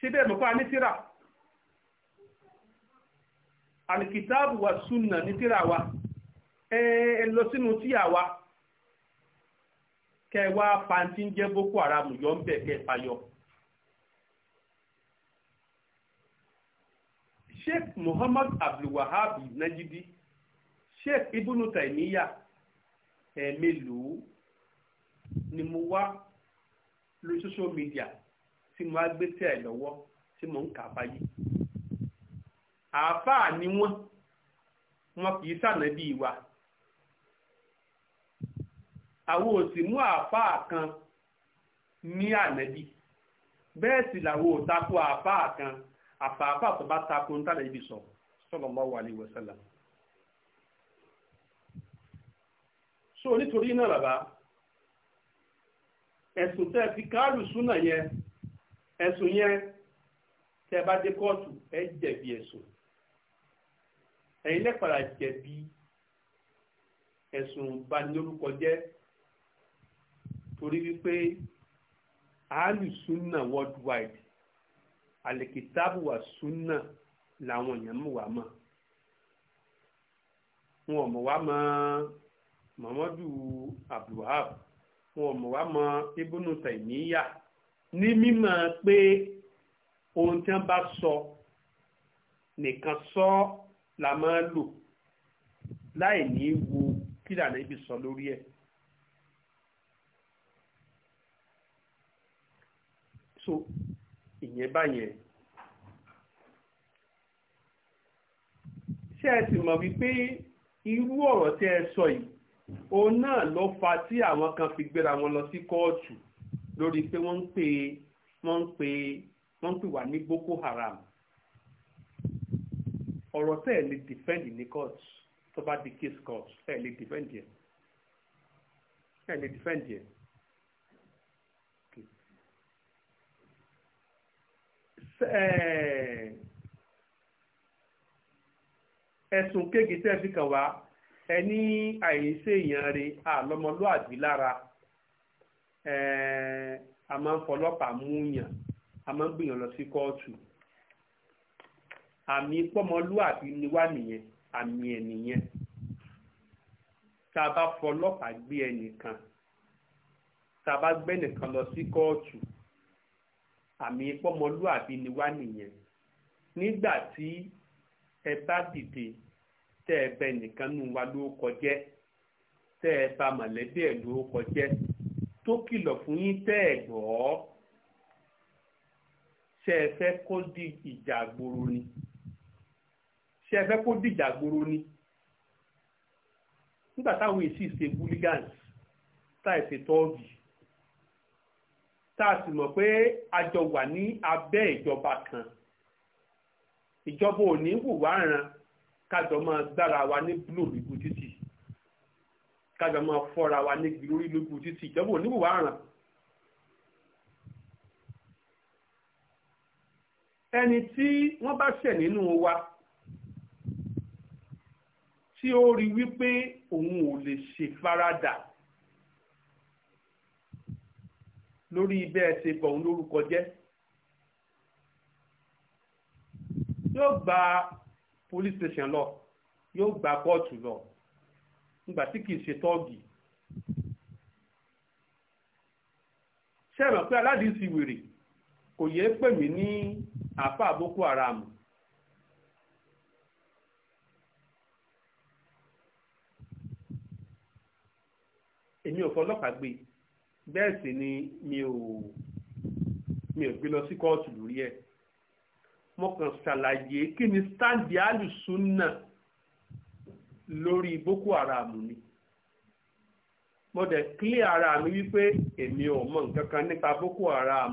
síbẹ̀ mọ̀ pé a ní tírà alikitaabu wa sunna ní tírà wa ẹ lọ sínú tíyà wa kẹ wá pàǹtí ń jẹ́ boko haram yọ ń bẹ̀ kẹ fàyọ. sheikh muhammad abdulwahab najidi sheikh ibnu taimiya ẹ̀ẹ́mélòó ni mo wá lórí social media tí mo á gbé tẹ́ ẹ̀ lọ́wọ́ tí mo ń kà fáyé àáfàá ni wọ́n wọn kì í sànàbí wa àwọn ò mú àáfàá kan ní ànàbí bẹ́ẹ̀ sì làwọn ò àáfàá kan àfààfà tó bá tako ń tàlẹ́ ibi sọ sallallahu alaihi wasallam. so nítorí náà bàbá ẹ̀sùn tẹ́ fi káàlù súnà yẹn ẹ̀sùn yẹn tẹ́ bá dé kóòtù ẹ jẹ̀bi ẹ̀sùn ẹ̀yin lẹ́pàdà jẹ̀bi ẹ̀sùn ìbanilórúkọ jẹ́ torí wípé àálù súnà worldwide alikitaabu wa sunna làwọn èèyàn mú wa mọ̀ wọn ò mọ̀ wá mọ̀ Muhammadu Abdulwahab wọn ò mọ̀ wá mọ̀ Ibnu Taymiyya ní mímọ̀ pé ohun tí wọ́n bá sọ nìkan sọ la máa lò láì ní wo kí lànà ibi sọ lórí ẹ̀. so ìyẹn báyẹn ṣé ẹ sì mọ̀ wípé irú ọ̀rọ̀ tí ẹ sọ yìí òun náà ló fa tí àwọn kan fi gbéra wọn lọ sí kóòtù lórí pé wọ́n ń pè wọ́n ń pè wọ́n ń pè wá ní Boko Haram ọ̀rọ̀ tẹ́ ẹ̀ lè defend ní court tó bá di case court ẹ̀ lè defend yẹn ẹ̀ lè defend yẹn. ẹ̀sùn kéèkì tẹ́ fi kàn wá ẹ ní àìṣe èèyàn rẹ̀ àlọ́mọlúàbí lára a máa ń fọlọ́pàá mú yàn a máa ń gbìyàn lọ sí kóòtù àmì pọ́mọlúàbí ni wá nìyẹn àmì ẹ̀ nìyẹn tá a bá fọlọ́pàá gbé ẹnìkan tá a bá gbé lọ sí kóòtù àmì pọ́mọlúàbí ni wá nìyẹn nígbà tí ẹ bá dìde tẹ́ ẹ bẹ nìkan nù wá ló kọjẹ́ tẹ́ ẹ bá mọ̀lẹ́bí ẹ̀ ló kọjẹ́ tó kìlọ̀ fún yín tẹ́ ẹ gbọ́ ṣé ẹ fẹ́ kó di ìjà gbòòrò ni ṣé ẹ fẹ́ kó di ìjà gbòòrò ni nígbà táwọn èsì ṣe bulligans táì ṣe tọ́ọ̀gì tá a sì mọ̀ pé a jọ wà ní abẹ́ ìjọba kan ìjọba ò ní wù wá ràn kájọ máa gbára wa ní blue lójú títì kájọ máa fọ́ra wa ní lórí lójú títì ìjọba ò ní wù wá ràn. ẹni tí wọ́n bá ṣẹ̀ nínú wa tí ó rí wípé òun ò lè ṣèfaradà lórí bẹ́ẹ̀ ṣe bọ̀ òun lórúkọ jẹ́ yóò gba police station lọ yóò gba kóòtù lọ nígbà tí kìí ṣe tọ́ọ̀gì ṣé ẹ mọ̀ pé aládìsí wèrè kò yẹ pè mí ní àfa Boko Haram èmi ò fọlọ́pàá gbé e. bẹ́ẹ̀ sì ni mi ò mi ò gbé lọ sí kóòtù lórí ẹ̀ mo kàn ṣàlàyé kí ni alison alùsùnà lórí boko haram ni mo dẹ̀ clear ara mi wípé èmi ò mọ nǹkan kan nípa boko haram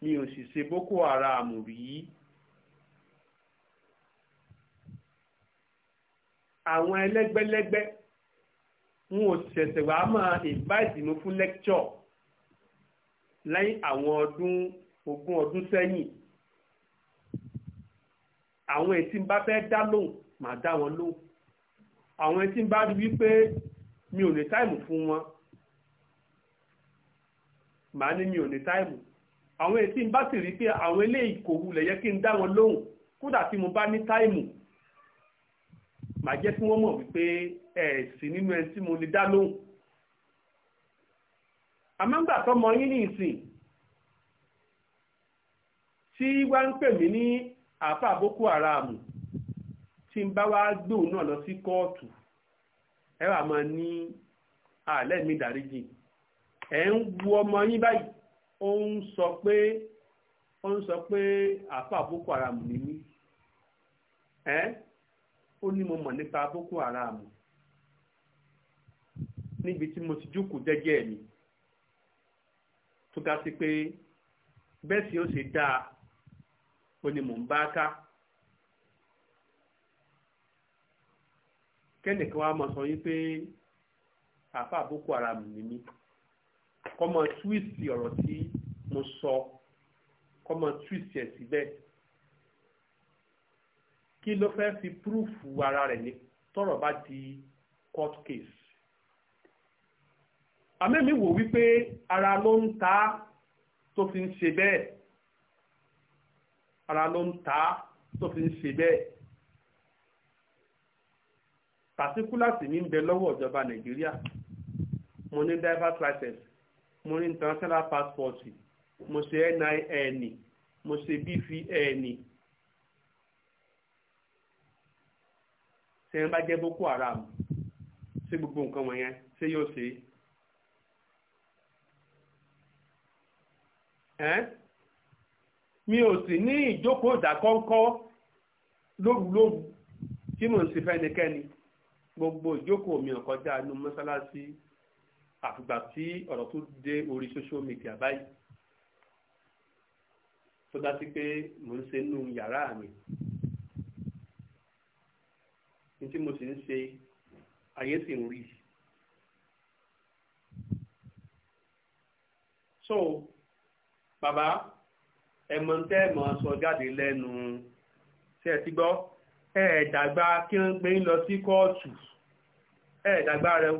mi ò sì ṣe boko haram rí àwọn ẹlẹ́gbẹ́lẹ́gbẹ́ n ò ṣẹ̀ṣẹ̀ wá máa invite mi fún lecture lẹ́yìn àwọn ọdún ogún ọdún sẹ́yìn àwọn ètí ń bá fẹ́ dá lóhùn màá dá wọn lóhùn àwọn ètí ń bá rí wípé mi ò ní táìmù fún wọn màá ní mi ò ní táìmù àwọn ètí bá sì rí pé àwọn eléyìí kò wulẹ̀ yẹ kí n dá wọn lóhùn kódà tí mo bá ní táìmù màá jẹ́ kí wọ́n mọ̀ wípé ẹ̀ sí nínú ẹni tí mo lè dá lóhùn àmọ́ngbà tọmọ yín ní ìsìn tí wá ń pè mí ní àáfà boko haram tí ń bá wá gbóhùn náà lọ sí kóòtù ẹ wà máa ní àlẹ́ mi dáríjì ẹ ń wu ọmọ yín báyìí ó ń sọ pé ó ń sọ pé àáfà boko haram ni mí ó ní mo mọ̀ nípa boko haram níbi tí mo ti jókòó jẹ́jẹ́ mi tó ga sí pé bẹ́ẹ̀ sì ó ṣe dáa ó ní mò ń bá ká kẹ́nìkan wa mọ̀ sọ yín pé àfa boko haram ni mí kọ́mọ túwìsì ọ̀rọ̀ tí mo sọ kọ́mọ túwìsì ẹ̀ síbẹ̀. Si kí ló fẹ́ fi púrúfù ara rẹ̀ ní tọ́rọ̀ bá di court case àmẹ́mi wò wípé ara ló ń ta tó fi ń ṣe bẹ́ẹ̀ ara ló ń ta tó fi ń ṣe bẹ́ẹ̀ pàtíkúláàsì mi ń bẹ lọ́wọ́ ìjọba nàìjíríà mo ní driver's license mo ní international passport mo ṣe NIN mo ṣe BVN tẹ́yìn bá jẹ́ boko haram ṣé gbogbo nǹkan wọ̀nyẹn ṣé yóò ṣe é. mi ò sì ní ìjókòó ìdákọ́ńkọ́ lórúlórú tí mò ń ṣe fẹ́nikẹ́ni gbogbo ìjókòó mi ò kọjá inú mọ́sálásí àfìgbà tí ọ̀rọ̀ tó dé orí social media báyìí tó dá sí pé mò ń ṣe nínú yàrá mi ní tí mo sì ń ṣe ayé sì ń rí so bàbá ẹ̀mọ̀ tẹ́ ẹ̀mọ̀ sọ jáde lẹ́nu ṣe ẹ̀ ti gbọ́ ẹ̀ẹ̀dàgbà kí ń gbé lọ sí kóòtù ẹ̀ẹ̀dàgbà rẹ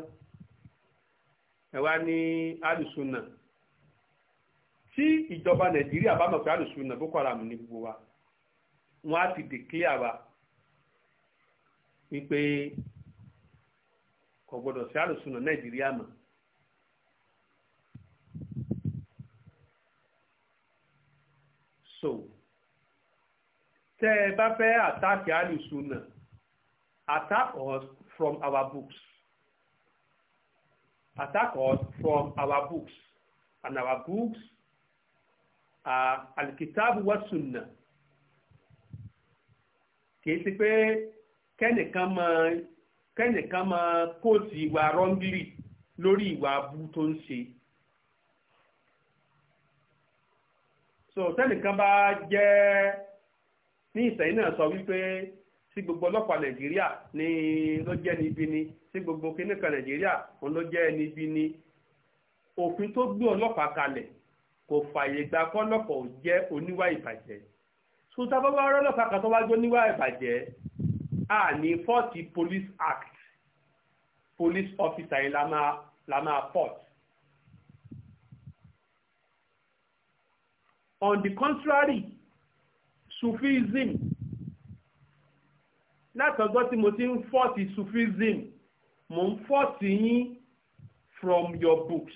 ẹ wá ní alùsùnà tí ìjọba nàìjíríà bá mọ̀ pé alùsùnà boko haram ní gbogbo wa wọ́n á ti dèkílẹ̀ àwa wípé kò gbọdọ̀ sí àlùsùnà nàìjíríà mọ́. so tẹ́ ẹ bá fẹ́ attack àlùsùnà attack us from our books attack us from our books and our books are alikitaabu wa sunna kìí ṣe pé kẹ́nìkan máa kẹ́nìkan máa kóòtù ìwà rọ́ngìlì lórí ìwà abú tó ń ṣe. so tẹ́nìkan bá jẹ́ ní ìsẹ̀yìn náà sọ wípé sí gbogbo ọlọ́pàá nàìjíríà ni ló jẹ́ níbi ni sí gbogbo kíníkan nàìjíríà òun ló jẹ́ níbi ni òfin tó gbé ọlọ́pàá kalẹ̀ kò fààyè gba kọ́lọ́pàá ò jẹ́ oníwà ìbàjẹ́ so tábọ́ bá rọ́lọ́pàá kan tó wá jó níwà ìbàjẹ́ a ní forty police act police officer yìí la máa la máa port. on the contrary sufism látọ̀gbọ́ tí mo ti ń fọ́ọ̀tì sufism mo ń fọ́ọ̀tì yín from your books.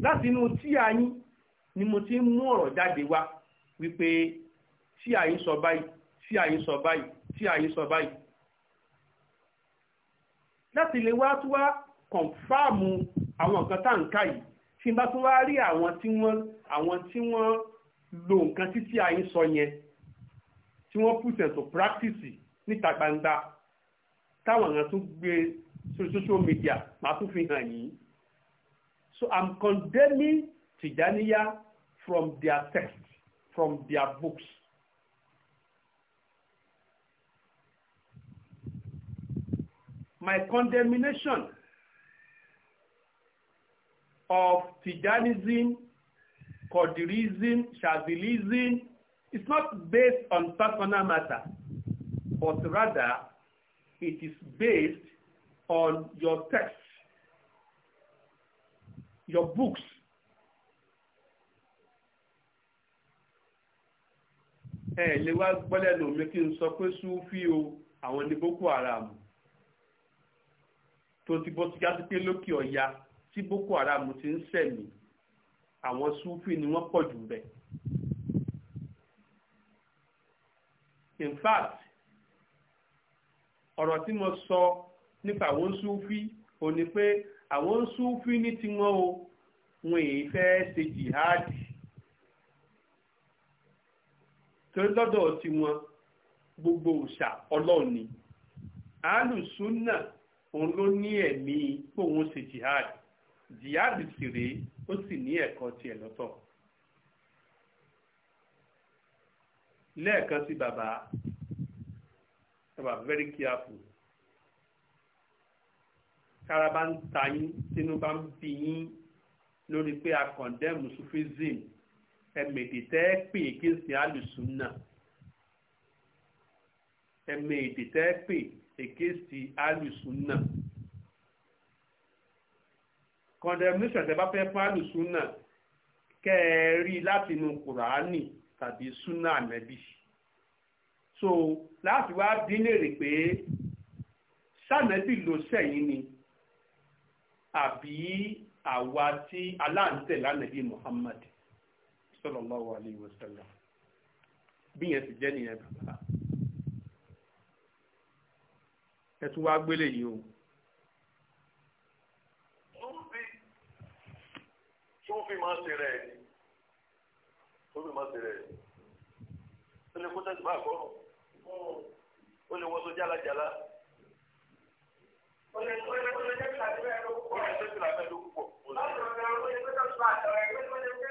láti inú tíya yín ni mo ti ń mú ọ̀rọ̀ jáde wá wípé tí àyín sọ báyìí tí àyín sọ báyìí tí àyín sọ báyìí láti lè wá tó wá kọ̀nfàmù àwọn nǹkan tá à ń ká yìí tí n bá tó wá rí àwọn tí wọ́n àwọn tí wọ́n lo nǹkan títí àyín sọ yẹn tí wọ́n put into practice níta gbangba táwọn èèyàn tún gbé sórí social media máa tún fi hàn yìí so I'm condemning Tijaniya from their text from their books. My condemnation of Tijanism, Qadirism, Shazilism is not based on personal matter, but rather it is based on your text, your books, ẹ lè wá gbọ́lẹ́nu mi kí n sọ pé súfì o àwọn ní boko haram tó ti bọ́ síga sí pé lókè ọ̀ya tí boko haram ti ń sẹ̀mí àwọn súfì ni wọ́n pọ̀ jù bẹ́ẹ̀. in fact ọ̀rọ̀ tí mo sọ nípa àwọn súfí ò ní pé àwọn súfí ní tiwọn o wọn èyí fẹ́ ṣe jihadi torí lọ́dọ̀ ti wọn gbogbo òòṣà ọlọ́run ni alùsùnà òun ló ní ẹ̀mí pòun ṣe jihad jihad sì rèé ó sì ní ẹ̀kọ́ tiẹ̀ lọ́tọ̀. lẹ́ẹ̀kan sí bàbá bàbá very careful kára bá ń ta yín tínú bá ń bí yín lórí pé a condemn sufism ẹ̀mẹ̀dì tẹ́ pè against alùsùnà ẹ̀mẹ̀dì tẹ́ pè against alùsùnà condemnation tẹ́ bá fẹ́ fún alùsùnà kẹ́ ẹ rí látinú kùránì tàbí súnà ànábì so láti wá dín lèrè pé sànẹ́bì ló sẹ́yìn ni àbí àwa tí aláǹtẹ̀ lánàbí Muhammad sallallahu alayhi wa sallam bí yẹn ti jẹ́ nìyẹn bàbá ẹ tún wá gbélé yìí o. sófin máa ṣe rẹ̀ ni sófin máa ṣe rẹ̀ ni ó lè kó tẹ̀sí bá àgọ́ ó lè wọ́n tó jálajàla ó lè tó lè tó lè jẹ́ kí làbẹ́ ló pọ̀ ó lè tó lè jẹ́ kí làbẹ́ ló pọ̀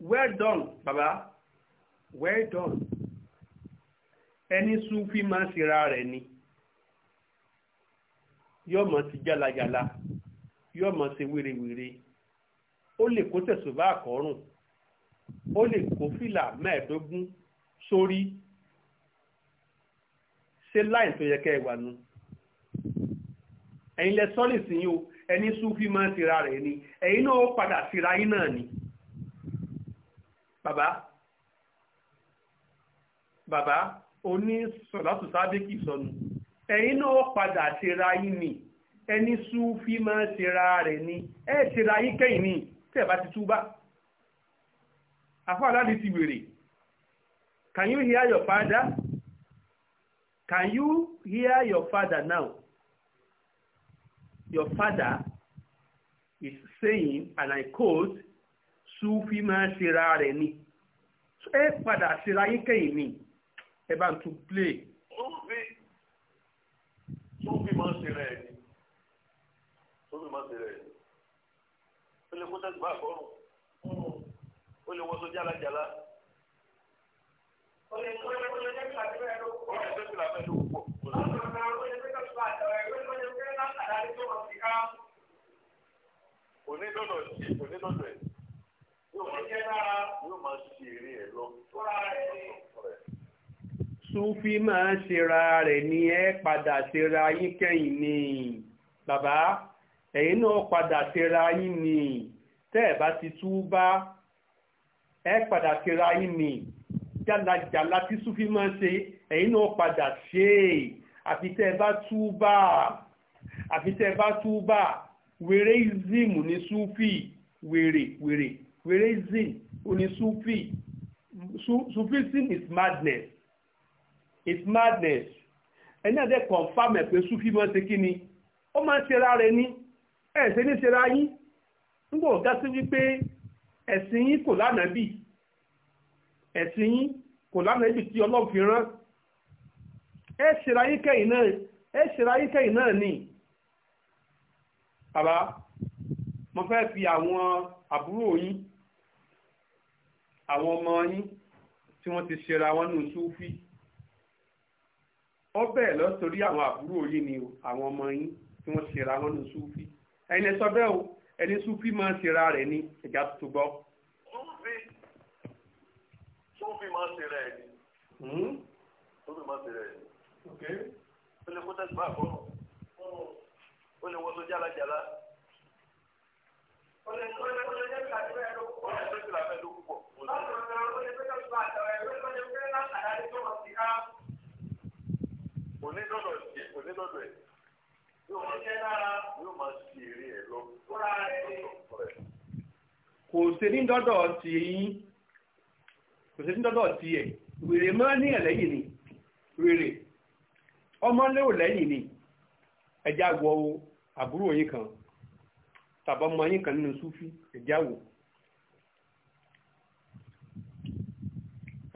well done baba well done ẹni sunfi máa ń ṣera rẹ̀ ni yóò máa ti jálajàla yóò máa ṣe wérewère ó lè kó tẹ̀sùn bá àkọ́rùn ó lè kó fìlà mẹ́ẹ̀ẹ́dógún sórí ṣé láì tó yẹ kẹ́ ẹ wà nù ẹ̀yin lẹ sọ́ọ̀lì sí yín o ẹni súnfí máa ń tira rẹ̀ ni ẹ̀yin náà ó padà tira yín náà ni bàbá bàbá oní sọ̀látù sábẹ́kì sọnù ẹ̀yin náà ó padà tira yín ni ẹni súnfí máa tira rẹ̀ ni ẹ̀ tira yín kẹ́yìn ni tẹ́ ẹ̀ bá ti túbà àfọ aládìí ti wèrè can you hear your father? Can you hear your father now? Your father is saying, and I quote, Sufi máa ń ṣera rẹ̀ ni. Ẹ padà ṣera yín kẹ́yìn mi. Ẹ bá ń play. Sufi Sufi máa ń ṣera ni. Sufi máa ń ṣera ẹ̀ ni. Ó lè kó tẹ́sí bá àkọ́rùn. Ó lè wọ́n sọ jálajàla onídọ̀dọ̀ ṣe onídọ̀dọ̀ ẹ̀ yóò máa jẹ́ lára yóò máa ṣe eré ẹ̀ lọ. Súfí máa ń ṣera rẹ̀ ni ẹ padà ṣera yín kẹ́yìn ni bàbá ẹ̀yin náà padà ṣera yín ni tẹ́ bá ti tú ẹ padà ṣera yín ni jálajàla tí súfí máa ń ṣe ẹ̀yin náà padà ṣe é àfi tẹ́ ẹ bá túbà àfi tẹ́ ẹ bá túbà wèrè ism ní súfì wèrè wèrè wèrè ism ní súfì sufism is madness is madness ẹni àdé confam ẹ̀ pé súfì máa ń ṣe kí ni ó máa ń ṣera rẹ̀ ní ẹ̀ ṣe ní ṣera yín nígbà ọ̀gá sí wípé ẹ̀sìn yín kò lánàá bíi ẹ̀sìn yín kò lánàá ibi tí ọlọ́run fi rán ẹ ṣèrà yín náà ẹ ṣèrà yín náà ni bàbá mo fẹ́ fi àwọn àbúrò yín àwọn ọmọ yín tí wọ́n ti ṣera wọn nù súfì ó bẹ̀ẹ̀ lọ torí àwọn àbúrò yìí ni àwọn ọmọ yín tí wọ́n ṣera wọn nù súfì ẹni sọ bẹ́ẹ̀ o ẹni súfì máa ń ṣera rẹ̀ ní ẹ̀já tuntun gbọ́ sófin máa ṣe rẹ̀ ni sófin hmm? máa ṣe rẹ̀ ni ó lè kó tẹ́sí bá àkọ́rọ̀ ó lè wọ́n tó jálajàla ó lè tó lè tó lè jẹ́ kí àti bẹ́ẹ̀ ló pọ̀ ó lè tó kí làbẹ́ ló pọ̀ ó lè tó lè tó àtàwẹ̀ ó lè tó lè tó lè látàdá lè tó wọn sí ká. onídọ́dọ̀ ẹ̀ onídọ́dọ̀ ẹ̀ yóò máa ṣe eré ẹ̀ lọ. kò sí ní dọ́dọ̀ tì í kò sí dọ́dọ̀ tiẹ̀ wèrè máa ní ẹ̀lẹ́yìn ni wèrè ọmọ lérò lẹ́yìn ni ẹja wọ àbúrò yín kan tàbí ọmọ yín kan nínú súfì ẹja wò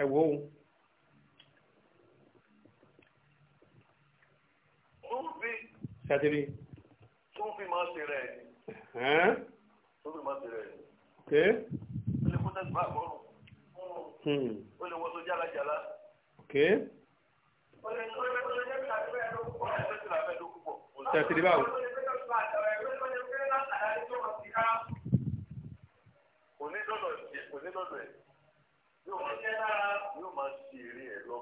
ẹwọ o. súfì. sátiri. súfì máa ṣe rẹ̀. súfì máa ṣe rẹ̀. ok. ó lè kó tẹ́sí bá a Hmm. ó lè wọ́n tó jálajàla. tẹ̀sídìí báwo. kò ní lọ́dọ̀ ẹ̀ kò ní lọ́dọ̀ ẹ̀ yóò máa ṣe yóò máa ṣe eré ẹ̀ lọ.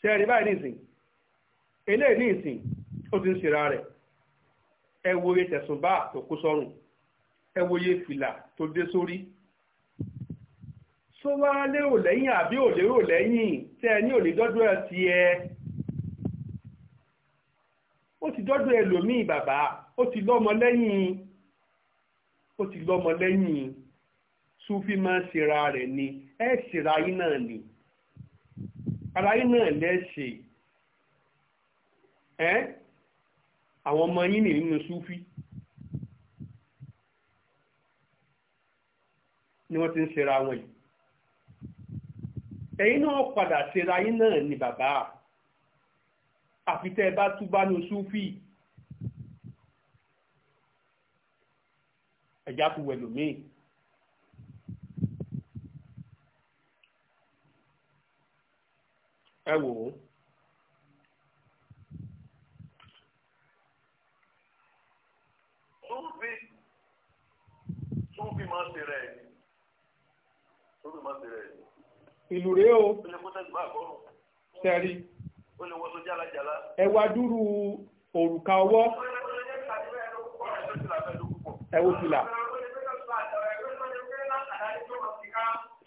ṣe ẹ̀rí báyìí nìsín eléyìí nìsín ó ti ń ṣera rẹ̀ ẹ wo etẹ̀sùn bá tó kú sọ́run ẹ wòye fìlà tó dé sórí tó wá lérò lẹ́yìn àbí ò lérò lẹ́yìn tẹ́ ẹ ní ò lè dọ́dọ̀ ẹ ti ẹ ó ti dọ́dọ̀ ẹlòmíì bàbá ó ti lọ́mọ lẹ́yìn ó ti lọ́mọ lẹ́yìn sufi máa ń ṣera rẹ̀ ni ẹ ṣera yín náà ni ara yín náà lẹ́ṣẹ̀ ẹ́ àwọn ọmọ yín nì nínú sufi. ni wọ́n ti ń ṣera wọn yìí ẹ̀yin náà padà ṣera yín náà ni bàbá àfi tẹ́ ẹ bá túbá ní ẹ̀já tó wẹ̀ lómìn. ẹ wò ó. Súfì, Súfì máa ṣe rẹ̀ ni ìlú rèé o sẹ́rí ẹwà dúró òrùka ọwọ́ ẹwọ́ fìlà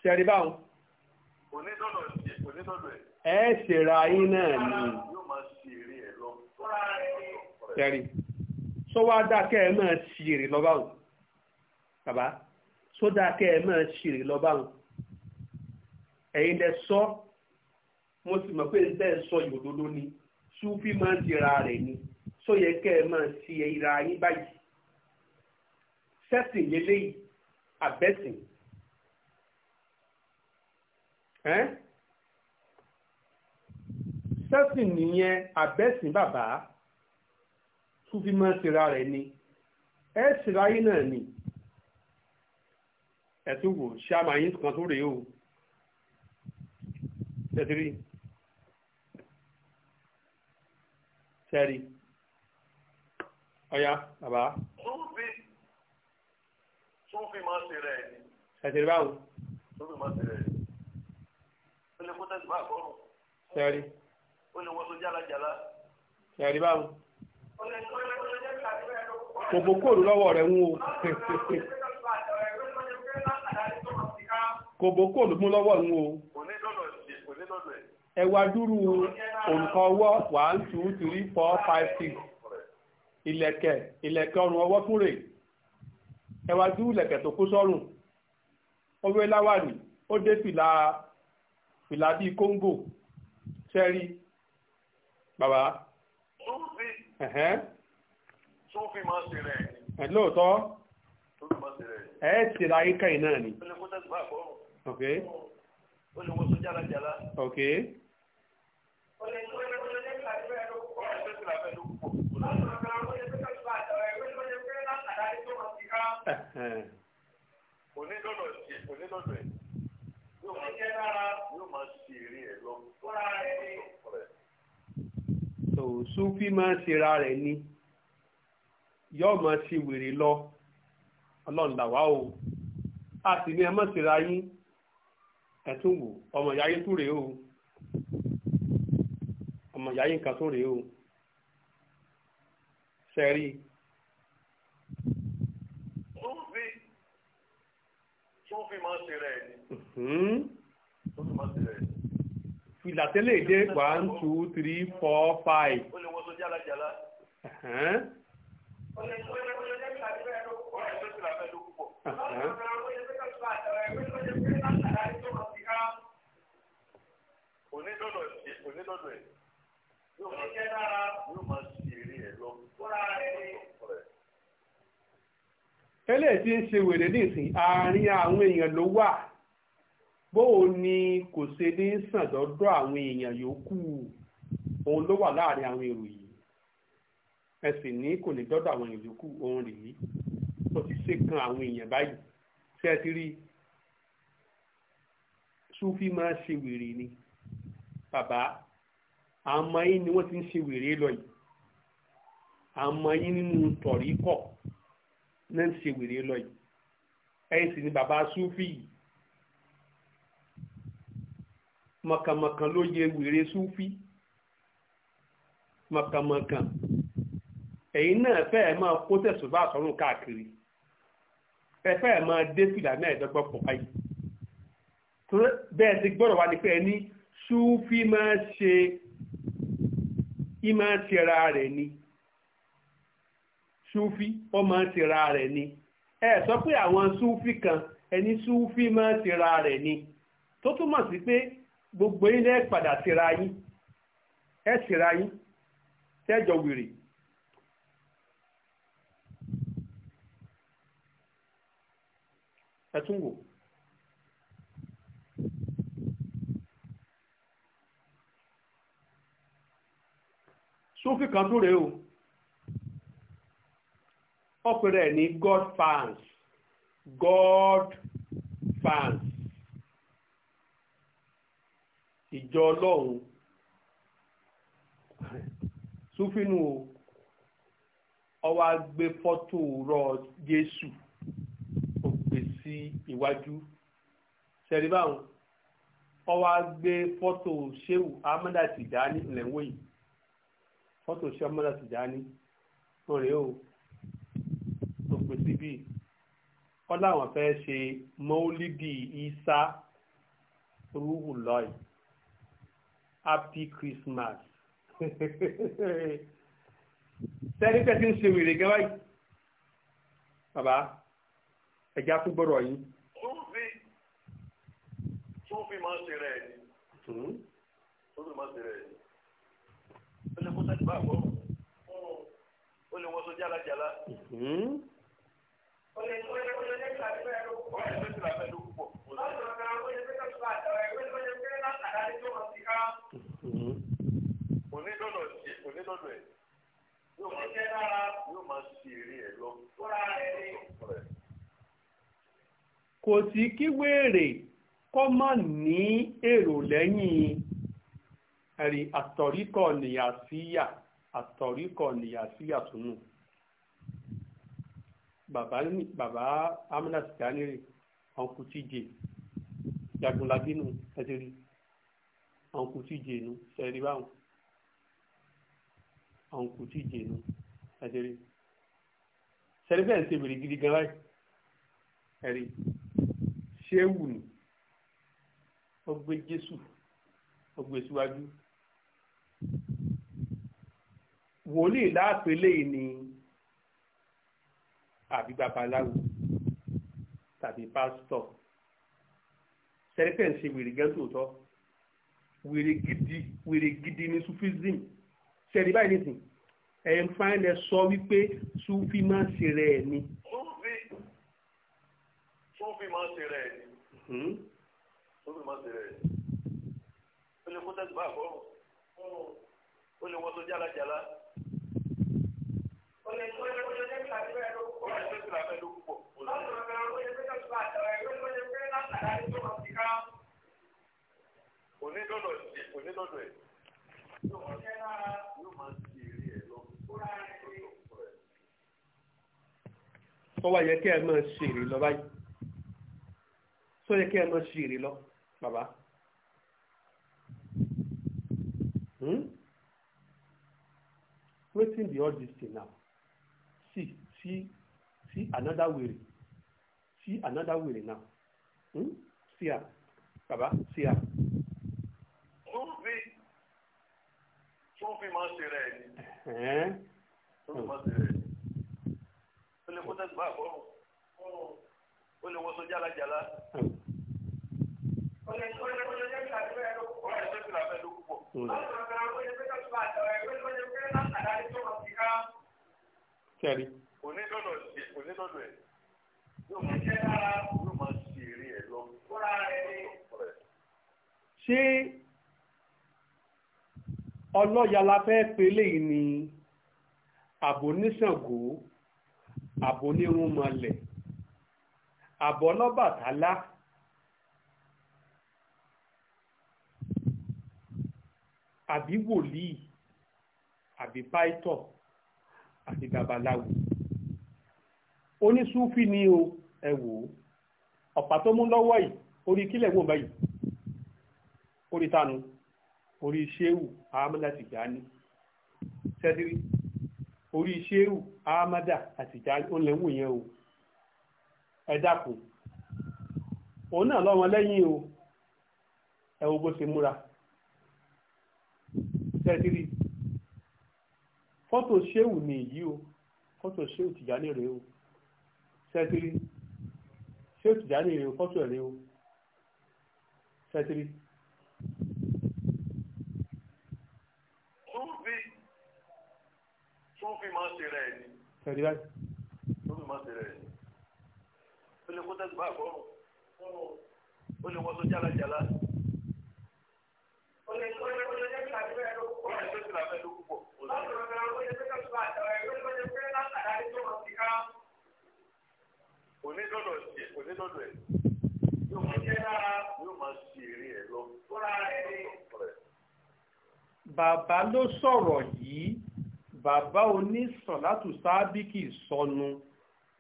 sẹ́rí báwọn ẹ ṣèrà yín náà ni sẹ́rí sọ́wọ́ adákẹ́ ẹ máa ṣèrè lọ́bàwọn bàbá sódà kẹ́ ẹ máa ṣèrè lọ́bàwọn ẹ̀yin lẹ sọ mo sì mọ̀ pé níta ẹ̀ sọ ìwòdodo ni sufi máa ń tira rẹ̀ ni só yẹ kẹ́ ẹ máa ti ìra yín báyìí sẹ́sìn lélẹ́yìí àbẹ́sìn sẹ́sìn nìyẹn àbẹ́sìn bàbá sufi máa ń tira rẹ̀ ni ẹ̀ sira yín náà ni ẹ̀tún wò ṣáàmà yín kan tó rèé o tẹ̀sírí sẹ́rí ọ̀yá bàbá. Súfì Súfì máa ń ṣe rẹ̀ ni. Tẹ̀sírí báwo. Súfì máa ń ṣe rẹ̀ ni. Ó lè kó tẹ̀sí bá àkọ́rùn. Sẹ́rí. Ó lè wọ́n tó jálajàla. Sẹ́rí báwo. Ó lè tó lè tó lè jẹ́ ká àdúrà ẹ̀rọ. Gbogbo kóòdù lọ́wọ́ rẹ̀ ń wo kòbókò ló mú lọ́wọ́ ń wo ẹwà dúró òǹkọ ọwọ́ one two three four five six ìlẹ̀kẹ̀ ìlẹ̀kẹ̀ ọrùn ọwọ́ tún rè ẹwà dúró ìlẹ̀kẹ̀ tó kó sọ́rùn ọwọ́ eláwàní ó dé fìlà fìlà bíi kóńgò sẹ́rí bàbá. Súfì. Súfì máa ń ṣe rẹ̀. Ẹ̀ lóòótọ́. Súfì máa ṣe rẹ̀. Ẹ̀ ṣe ra ayíkà yìí náà ni. Ó ó lè wọ́n ok. ó lè tó lè tó lè tó lè tó lè tó lè tó onídọ̀dọ̀ ẹ̀ onídọ̀dọ̀ ẹ̀ yóò sufi máa ń ṣera rẹ̀ ni yóò máa ṣe wèrè lọ ọlọ́ọ̀dà o a sì ní ẹ má ṣera yín ẹ̀tún wò ọmọ ìyá yín tún rèé o ọmọ ìyá yín kan tún rèé o sẹ́rí. ó fi tó fi máa ṣe rẹ̀ ni. tó fi máa ṣe rẹ̀ ni. fìlà tẹ́lẹ̀ dé one two three four five. ó lè wọ́n tó jálajàla. ó lè wọ́n tó jálajàla. eléyìí tí ń ṣe wèrè nísìn àárín àwọn èèyàn ló wà bóò ni kò ṣe ní sàn dọ́dọ̀ àwọn èèyàn yòókù òun ló wà láàrin àwọn èrò yìí ẹ sì ní kò ní dọ́dọ̀ àwọn èèyàn yòókù òun rèé ó ti ṣe kan àwọn èèyàn báyìí ṣe ti rí sufi máa ṣe wèrè ni bàbá àmọ́ yín ni wọ́n ti ń ṣe wèrè lọ yìí àmọ́ yín nínú tọ̀rí kọ̀ ní ń ṣe wèrè lọ yìí ẹ̀yìn sì ni bàbá súfì yìí mọ̀kànmọ̀kàn ló yẹ wèrè súfì mọ̀kànmọ̀kàn ẹ̀yin náà fẹ́ẹ̀ máa kó tẹ̀sùn bá àtọ́rùn káàkiri ẹ fẹ́ẹ̀ máa dé fìlà mẹ́ẹ̀ẹ́dọ́gbọ̀n pọ̀ báyìí bẹ́ẹ̀ ti gbọ́dọ̀ wá ní pé ẹni súfì máa ṣe ìmáa ṣe ara rẹ̀ ni súfí ó máa ń tira rẹ̀ ni ẹ sọ pé àwọn súfí kan ẹni súfí máa ń tira rẹ̀ ni tó túmọ̀ sí pé gbogbo yín lẹ́ẹ̀ padà tira yín ẹ tira yín tẹ́jọ wèrè. ẹ tún wò. súfí kan tó rèé o ọpẹrẹ ní God fans God fans ìjọ ọlọ́run sufinu ọwọ́ agbé fọ́tò rọ Jésù ó gbé sí iwájú sẹ́rí báwọn ọwọ́ agbé fọ́tò Ṣéwù Amada Tìjání lẹ́wọ̀n yìí fọ́tò Ṣéwù Amada Tìjání lórí o ànábì wọ́n láwọn fẹ́ ṣe mọ́lídì isa ruhulọ́ì happy christmas sẹ́ni tẹ́sí ń ṣe wèrè gan báyìí bàbá ẹ̀já tún gbọ́dọ̀ yín. túnfì túnfì máa ń ṣe rẹ̀ ni túnfì hmm? máa ń ṣe rẹ̀ ni ó lè kó sájú bá àgbọ̀ ó lè wọ́n sọ jálajàla. Hmm? kò sí kí wéèrè kọ́ má ní èrò lẹ́yìn ẹ̀rí àtọ̀ríkọ̀ nìyàsíyà àtọ̀ríkọ̀ nìyàsíyà bàbá bàbá amúnà sìkánírì ọ̀nkù tíje jagunlabi nù ẹtìrì ọ̀nkù tíje nù sẹ́rí báwọn ọ̀nkù tíje nù ẹtìrì sẹ́rí bẹ́ẹ̀ ń ṣe bèrè gidi gan láì ẹ̀rí ṣéwù nù ó gbé jésù ó síwájú wòlíì láàpẹ̀lẹ́ ni àbí babaláwo tàbí pásítọ̀ sẹ́ríkẹ́ ń ṣe wèrè gẹ́gẹ́ tòótọ́ wèrè gidi wèrè gidi ni sufism sẹ́rí báyìí nìsín ẹ̀yìn fáìlẹ̀ sọ wípé sufi máa ń ṣe rẹ̀ ni. sufi sufi máa ṣe rẹ̀ ni. Hmm? sufi máa ń ṣe rẹ̀ ni. ó lè kó tẹ́sí bá àgbọ̀rùn ó lè wọ́n tó jálajàla. ó lè tó lè tó lè tẹ́sí àgbẹ̀rẹ̀ ló. kò ní lọ́dọ̀ ẹ̀ kò ní lọ́dọ̀ ẹ̀. sọ wá yẹ kí ẹ máa ṣèrè lọ báyìí sọ yẹ kí ẹ máa ṣèrè lọ bàbá. Hmm? wetin be all this thing now see see see another way see another way now hmm? see am baba see am súnfì súnfì máa ń ṣe rẹ̀ ni súnfì máa ń ṣe rẹ̀ ni ó lè kó tẹ̀sí bá àbọ̀rùn ó lè wọ sọ jálajàla. ó lè tó lè tó lè jẹ́ kí àdúrà ẹ̀ ló púpọ̀. ó lè tó lè fẹ́ ló púpọ̀. Kẹ́rì. Onídọ̀dọ̀ ẹ̀ onídọ̀dọ̀ ẹ̀ yóò máa ṣe eré ẹ̀ lọ. Ṣé ọlọ́ya la fẹ́ pe léyìí ni àbò níṣàngó àbò nírúnmọlẹ̀ àbò ọlọ́bàtálá àbí wòlíì àbí pàìtọ̀ àti babaláwo onísúfì ni o ẹ wò ó ọ̀pá tó mú lọ́wọ́ yìí orí kílẹ̀ wò báyìí orí tánu orí ṣéwù ahmada tìjáni sẹ́tírí orí ṣéwù ahmada àtìjáni ó lẹ́wù yẹn o ẹ dákun òun náà lọ́mọ lẹ́yìn o ẹ wo bó ṣe múra sẹ́tírí fọ́tò ṣéwù ni èyí o fọ́tò ṣéwù tìjáni rèé o sẹ́tírí ṣéwù tìjáni rèé o fọ́tò rèé o sẹ́tírí. tó fi máa ṣe rẹ̀ ni. ẹ̀rí báyìí. tó fi máa ṣe rẹ̀ ni. ó lè kó tẹ́sí bá àgbọ̀rùn. ó lè wọ́n tó jálajàla. ó lè tó lè tó lè jẹ́ kí làbẹ́ rẹ̀ ló pọ̀. ó lè tó lè làbẹ́ ló pọ̀. láti ọ̀dọ̀ ó lè tó lè tó àtàrà ẹ̀ ló lè tó lè pé látàrà ẹ̀ tó máa fi ká. onídọ̀dọ̀ ẹ̀ onídọ̀dọ̀ ẹ̀ yóò máa ṣe yóò máa ṣe eré ẹ̀ lọ. bàbá ló sọ̀rọ̀ yìí bàbá onísọ̀látù sábíkì sọnù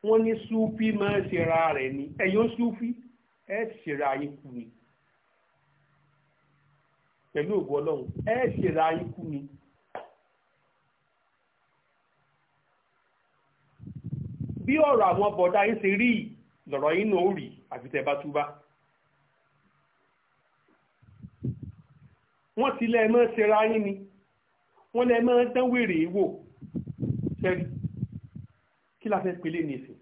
wọ́n ní súfí máa ń ṣera rẹ̀ ni ẹ̀yọ́ súfí ẹ̀ ṣera yín kú ni pẹ̀lú ògbó ọlọ́run ẹ̀ ṣera yín kú ni. bí ọ̀rọ̀ àwọn bọ̀dá yín ṣe rí lọ̀rọ̀ yín náà ó rí àfi tẹ́ bá túbá. wọ́n ti lẹ́ẹ̀ mọ́ ṣera yín ni wọ́n lẹ máa dán wèrè wò sẹ́rí kí la fẹ́ pèlè nìsín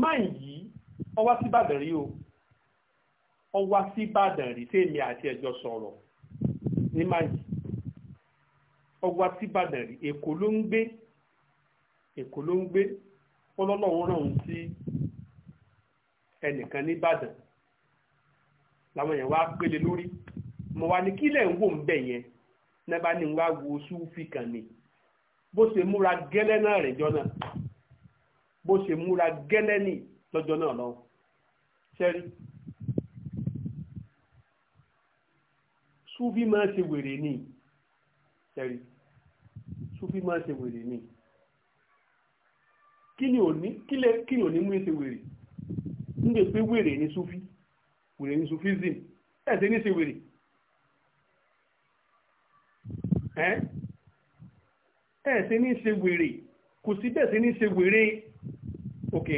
máa yìí ọwá sí Ìbàdàn rí o ọwá sí Ìbàdàn rí tèmi àti ẹjọ́ sọ̀rọ̀ ní máa yìí ọwá sí Ìbàdàn rí Èkó ló ń gbé Èkó ló ń gbé ọlọ́lọ́run ràn ún sí ẹnìkan ní Ìbàdàn làwọn èèyàn wá pélé lórí mo wá ní kílẹ̀ ń wò ń bẹ̀ yẹn náà bá ní wá wo súfì kan ni bó ṣe múra gẹ́lẹ́ náà rẹ̀ jọ náà bó ṣe múra gẹ́lẹ́ ní lọ́jọ́ náà lọ sẹ́rí súfì máa ṣe wèrè ní sẹ́rí súfì máa ṣe wèrè ní kí ni òní kí ni òní mú ṣe wèrè ń gbé pé wèrè ní súfì wèrè ní súfìsìm ẹ̀ ṣe ní ṣe wèrè ẹ́ ẹ̀ sí ní ṣe wèrè kò sí bẹ́ẹ̀ sí ní ṣe wèrè ok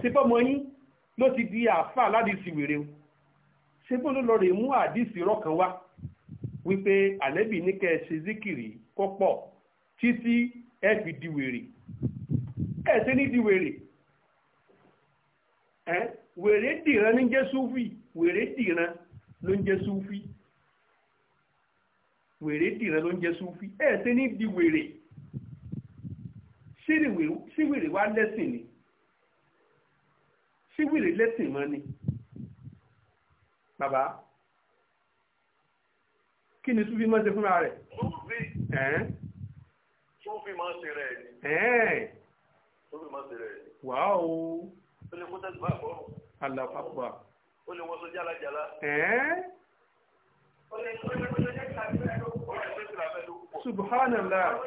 ṣe fọ́mọ yín ló ti di àáfà ládìsí wèrè o ṣe bó ló lọ rè mú àdìsí rọ́kan wá wípé àlẹ́bì ní kẹ́ ẹ ṣe zikiri kọ́pọ̀ títí ẹ fi di wèrè ẹ ṣe ní di wèrè ẹ wèrè dìran ní jẹ́ súfì wèrè dìran ló ń jẹ́ súfì wèrè dìrẹ ló ń jẹ súnfí ẹ̀ ṣe ní di wèrè ṣé wèrè wá lẹ́sìn ni ṣé wèrè lẹ́sìn mọ́ ni bàbá kí ni súnfí máa ṣe fúnra rẹ̀. súnfí máa ṣe rẹ̀ ni. súnfí máa ṣe rẹ̀ ni. wàá o. ó lè kó tẹ́sí bá a bọ̀. aláfàbà. ó lè wọ́n sọ jálajàla. ó lè sọ jálajàla subhanallah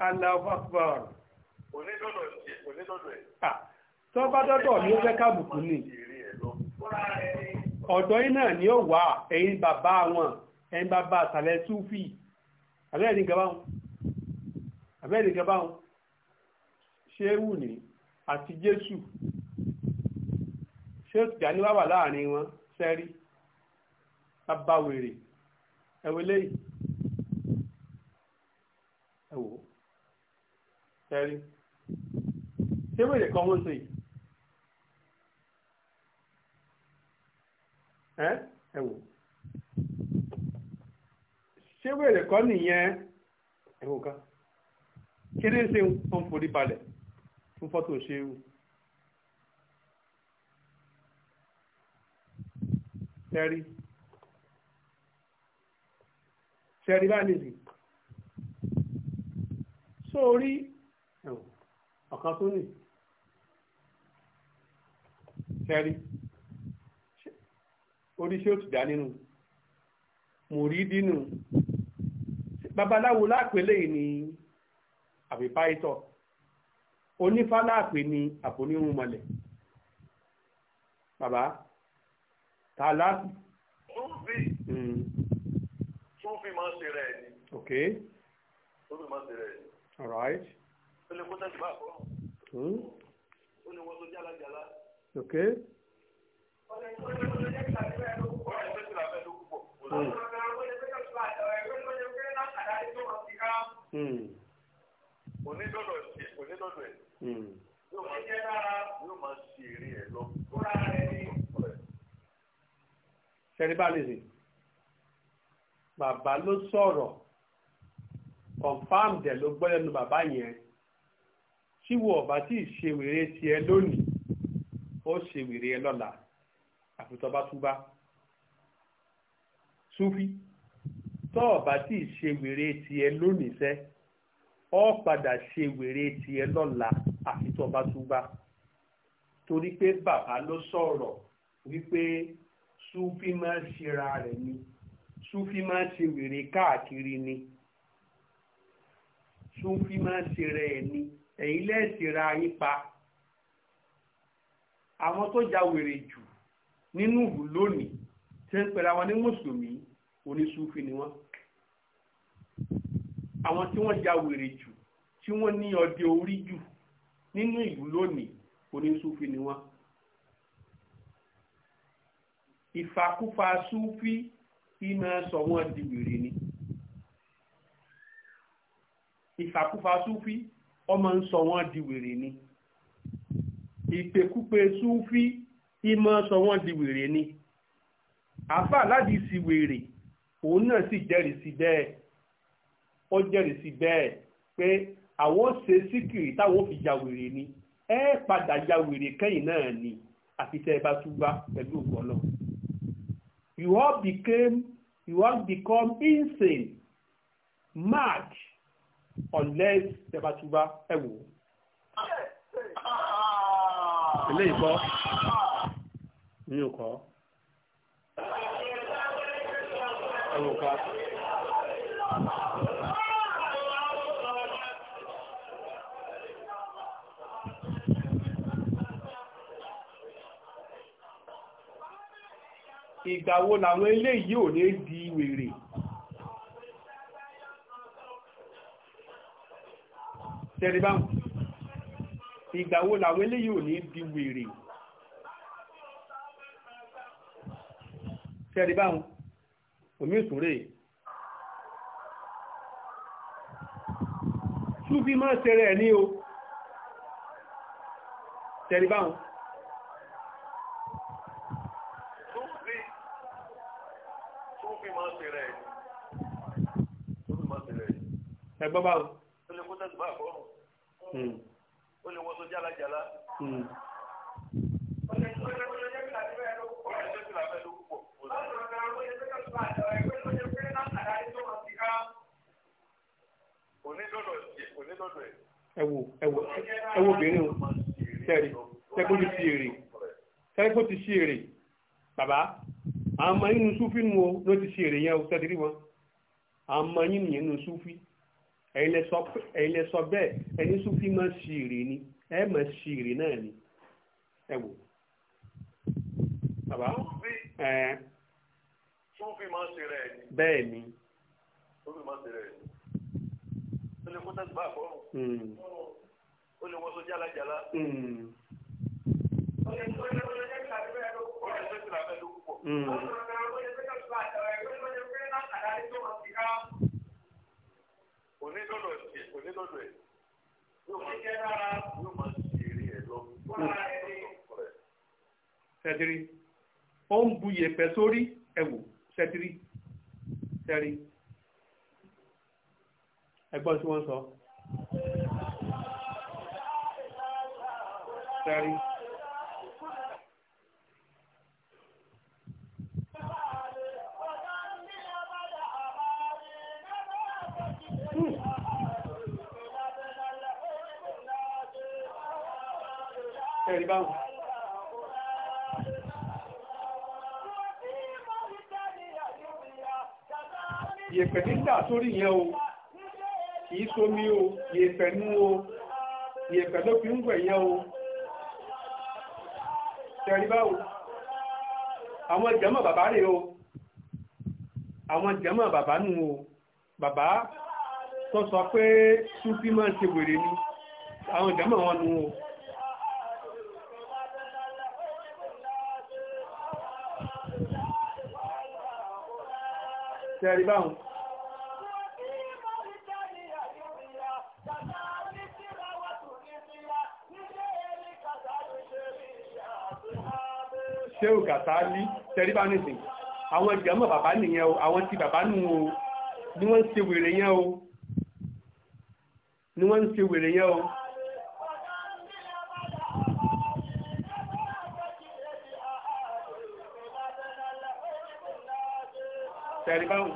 allahu akbar ah, tó bá dọ́dọ̀ ni ó fẹ́ kábùkù ni ọ̀dọ̀ yìí náà ni ó wà ẹ̀yin bàbá wọn ẹ̀yin bàbá àtàlẹ̀ súfì àbẹ́ẹ̀ ní gabáhùn àbẹ́ẹ̀ ní gabáhùn ṣéwù ní àti jésù ṣéwù tìjà ní wà wà láàrin wọn sẹ́rí bàbá wèrè ẹ̀wọ̀ eléyìí ẹ̀wọ̀ ẹ̀rí ṣé wèrè kan wọ́n sọ yìí ẹ̀ ẹ̀wọ̀ ṣé wèrè kan nìyẹn ẹ̀wọ̀ kan kí ni ṣe ń forí balẹ̀ fún fọ́tò ṣéwù. Terry sẹ́rí bá nìyí sórí ọ̀kan tó nì sẹ́rí oríṣi òtù dá nínú mòrí dínú babaláwo lápélé ní àbí páìtọ̀ onífá láàpé ní àbónírún mọlẹ̀ bàbá tààlà. ó bì. Hmm sófin máa ń ṣe rẹ̀ ni. ok. sófin máa ń ṣe rẹ̀ ni. all right. ó lè kó sẹ́jú bá àkọ́. ó lè wọ́n tó jálajàla. ok. ó lè kó sẹ́jú bá àkọ́. ó lè kó sẹ́jú bá àkọ́. onídọ́dọ̀ ẹ̀ onídọ́dọ̀ ẹ̀ yóò máa ṣe yóò máa ṣe eré ẹ̀ lọ. ṣẹ́ni bá lè sìn bàbá ló sọ̀rọ̀ confam dẹ̀ ló gbọ́ lẹ́nu bàbá yẹn tí wo ọ̀bá tí ì ṣe wèrè tiẹ̀ lónìí ó ṣe wèrè ẹ lọ́la àfitọ́ba túbá súfí tọ́ ọ̀bá tí ì ṣe wèrè tiẹ̀ lónìí sẹ́ ọ padà ṣe wèrè tiẹ̀ lọ́la àfitọ́ba túbá torí pé bàbá ló sọ̀rọ̀ wípé súfí máa ń ṣera rẹ̀ ni súfì máa ń ṣe wèrè káàkiri ni súfì máa ń ṣe rẹ̀ ni ẹ̀yin lẹ́ẹ̀sìra yín pa àwọn tó ja wèrè jù nínú ìlú lónìí tí ń pẹ̀lú àwọn ní mùsùlùmí onísúfì ni wọ́n àwọn tí wọ́n ja wèrè jù tí wọ́n ní ọdẹ orí jù nínú ìlú lónìí onísúfì ni wọ́n ìfàkúfà súfì ìmọ̀ sọ wọ́n di wèrè ni ìfàkúfà súfí ọmọ ń sọ wọ́n di wèrè ni ìpèkúpè súfí ìmọ̀ sọ wọ́n di wèrè ni àfà láti sí wèrè òun náà sì jẹ́rìí sí bẹ́ẹ̀ ó jẹ́rìí sí bẹ́ẹ̀ pé àwọn ṣe síkìrì táwọn fi ya wèrè ni ẹ padà ya wèrè kẹ́yìn náà ni àfi tẹ́ ẹ bá túbá pẹ̀lú ògbọ́n you all became you all become insane mad unless tẹbatuba ẹ wò. eléyìí kọ́ mi ò kọ́ ẹ wò ká. ìgbà wo làwọn eléyìí ò ní di wèrè tẹ́rìbáhùn ìgbà wo làwọn eléyìí ò ní di wèrè tẹ́rìbáhùn omi ìtúrè ṣúbí máa ṣẹrẹ ẹ̀ ní o tẹ́rìbáhùn ẹgbọ́n bá wọn. o lè kó sẹ́sì bá àkọ́rùn o hmm. lè wọ́sọ jálajàla. ẹwò ẹwò ẹwò obìnrin o tẹ̀rí tẹ́kó ti ṣe èrè tẹ́kó ti ṣe èrè bàbá àwọn ọmọ yìí nù súfì nù o ló ti ṣe èrè yẹn o tẹ́tìrí wọn àwọn ọmọ yìí nìyẹn nù súfì ẹ̀yin lẹ sọ bẹ́ẹ̀ ẹni sufi máa ṣì rè ni ẹ máa ṣì rè náà ni ẹ wò. bàbá ẹ. sufi máa ṣe rẹ̀ ni. bẹ́ẹ̀ ni. sufi máa ṣe rẹ̀ ni. ó lè kó tẹ́sí bá àbọ̀rùn. Hmm. ó lè wọ́n hmm. sọ jálajàla. ó lè sọ jálajàla. ó lè sọ jálajàla. Hmm. kò ní lọ́dọ̀ tiẹ̀ kò ní lọ́dọ̀ ẹ̀ yóò máa jẹ́ rárá yóò máa ṣeré ẹ̀ lọ. sẹ́tìrì ó ń bu yẹ̀pẹ̀ sórí ẹ̀wò sẹ́tìrì sẹ́rí ẹgbọ́n tí wọ́n sọ sẹ́rí. ẹ̀rí báwọn yẹ̀pẹ̀ nígbà sórí yẹn o kìí sómi o yẹ̀pẹ̀ nú o yẹ̀pẹ̀ ló fi ń wẹ̀ yẹn o ẹ̀rí báwọn àwọn jẹ́mọ̀ bàbá rẹ̀ o àwọn jẹ́mọ̀ bàbá nù o bàbá tó pé súnfí máa ń ṣe wèrè ni àwọn jẹ́mọ̀ wọn nù o tẹ́rí báhùn ṣéhù kàtàlí tẹ́rí bá nìsìn àwọn ìjẹmọ̀ bàbá nìyẹn o àwọn ti bàbá nù o ni wọ́n ń ṣe wèrè yẹn o ni wọ́n ń ṣe wèrè yẹn o ẹ̀rí báwọn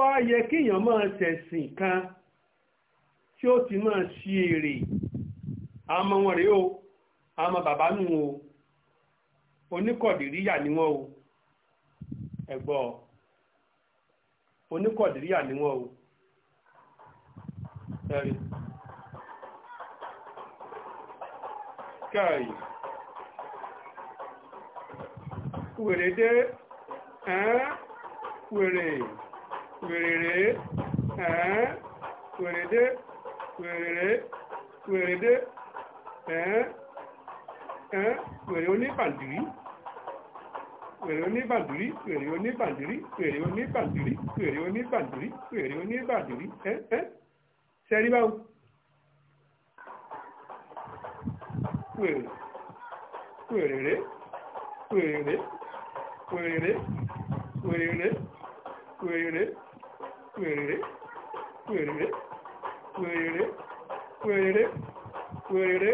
wá yẹ kéèyàn máa ṣẹ̀sìn kan tí ó ti máa ṣe èrè àmọ́ wọn rèé o àmọ́ bàbá nù o oníkọ̀dìríyà ni wọ́n o ẹ̀gbọ́ oníkọ̀dìríyà ni wọ́n o ẹ̀rí káàyè wèrè dé ẹ́ wèrè. wèrèrè ẹ̀ẹ́n wèrèdé wèrèrè wèrèdé ẹ̀ẹ́n ẹ̀ẹ́n wèrè oníbàndìrí wèrè oníbàndìrí wèrè oníbàndìrí wèrè oníbàndìrí wèrè oníbàndìrí wèrè oníbàndìrí ẹ̀ẹ́n sẹ́rí báwo wèrè wèrèrè wèrèrè wèrèrè wèrèrè wèrèrè wèrèrè wèrèrè wèrèrè wèrèrè wèrèrè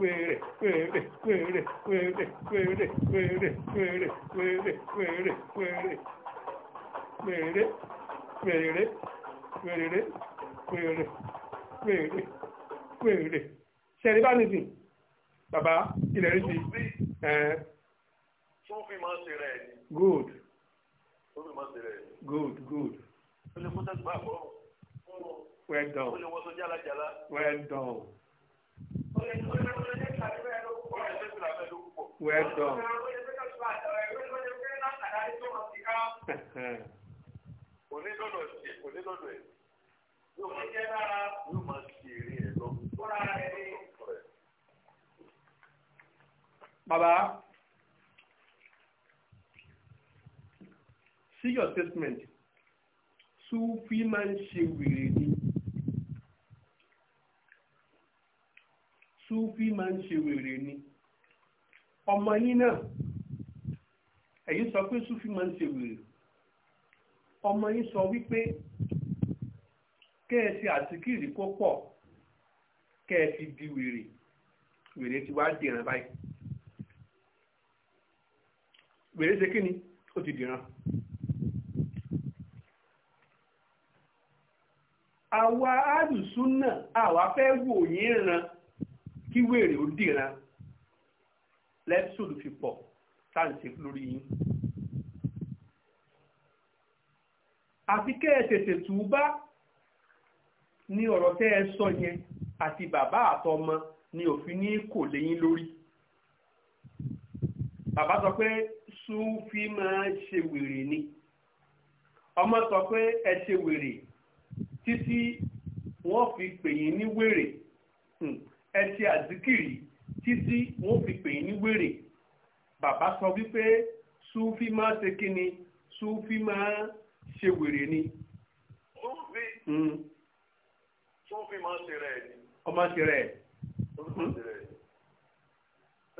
wèrè wèrè wèrè wèrè wèrè wèrè wèrè wèrè wèrè wèrè wèrè wèrè wèrè wèrè wèrè wèrè ṣẹ̀rí bá nìsín bàbá ilẹ̀ rí sí ẹ̀. tó fi máa ń ṣe rẹ̀ ni. good. tó fi máa ń ṣe rẹ̀ ni. good good o lè kó tẹ́gbà bọ́ well done o lè wọ́sọ jálajàla well done. o o lè o lè ní ìlànà ìfẹ́ ló pọ̀ o lè ní ìlànà ìfẹ́ ló pọ̀ well done. onídọ̀dọ̀ ṣe onídọ̀dọ̀ ẹ̀ yóò máa jẹ́ lára yóò máa ṣe eré ẹ̀ lọ. Bàbá. See your statement. Súfí máa ń ni. Súfí máa ń ni. Ọmọ yín náà, sọ pé Súfí máa ń Ọmọ yín sọ wípé kẹ́ẹ̀sì àtìkìrì kó di wèrè. Wèrè ti wá dìran báyìí. Wèrè ṣe kí ni? Ó àwa àdùsùn náà àwa fẹ́ wò yín ran kí wèrè ó dìran lẹ́písòdù fi pọ̀ táǹtì lórí yín. àfi kẹ́ ẹ tètè túbá ní ọ̀rọ̀ tẹ́ ẹ sọ yẹn àti bàbá àtọmọ ni òfin ní kò léyìn lórí. bàbá sọ pé sùn fi máa ṣe wèrè ni ọmọ sọ pé ẹ ṣe wèrè títí wọ́n fi pè yín ní wèrè hmm. ẹ ṣe títí wọ́n fi pè ní wèrè bàbá sọ wípé súfì máa ṣe kí ni máa ṣe wèrè ni. súfì hmm. súfì máa ṣe rẹ̀ ni. ọmọ ṣe rẹ̀. ó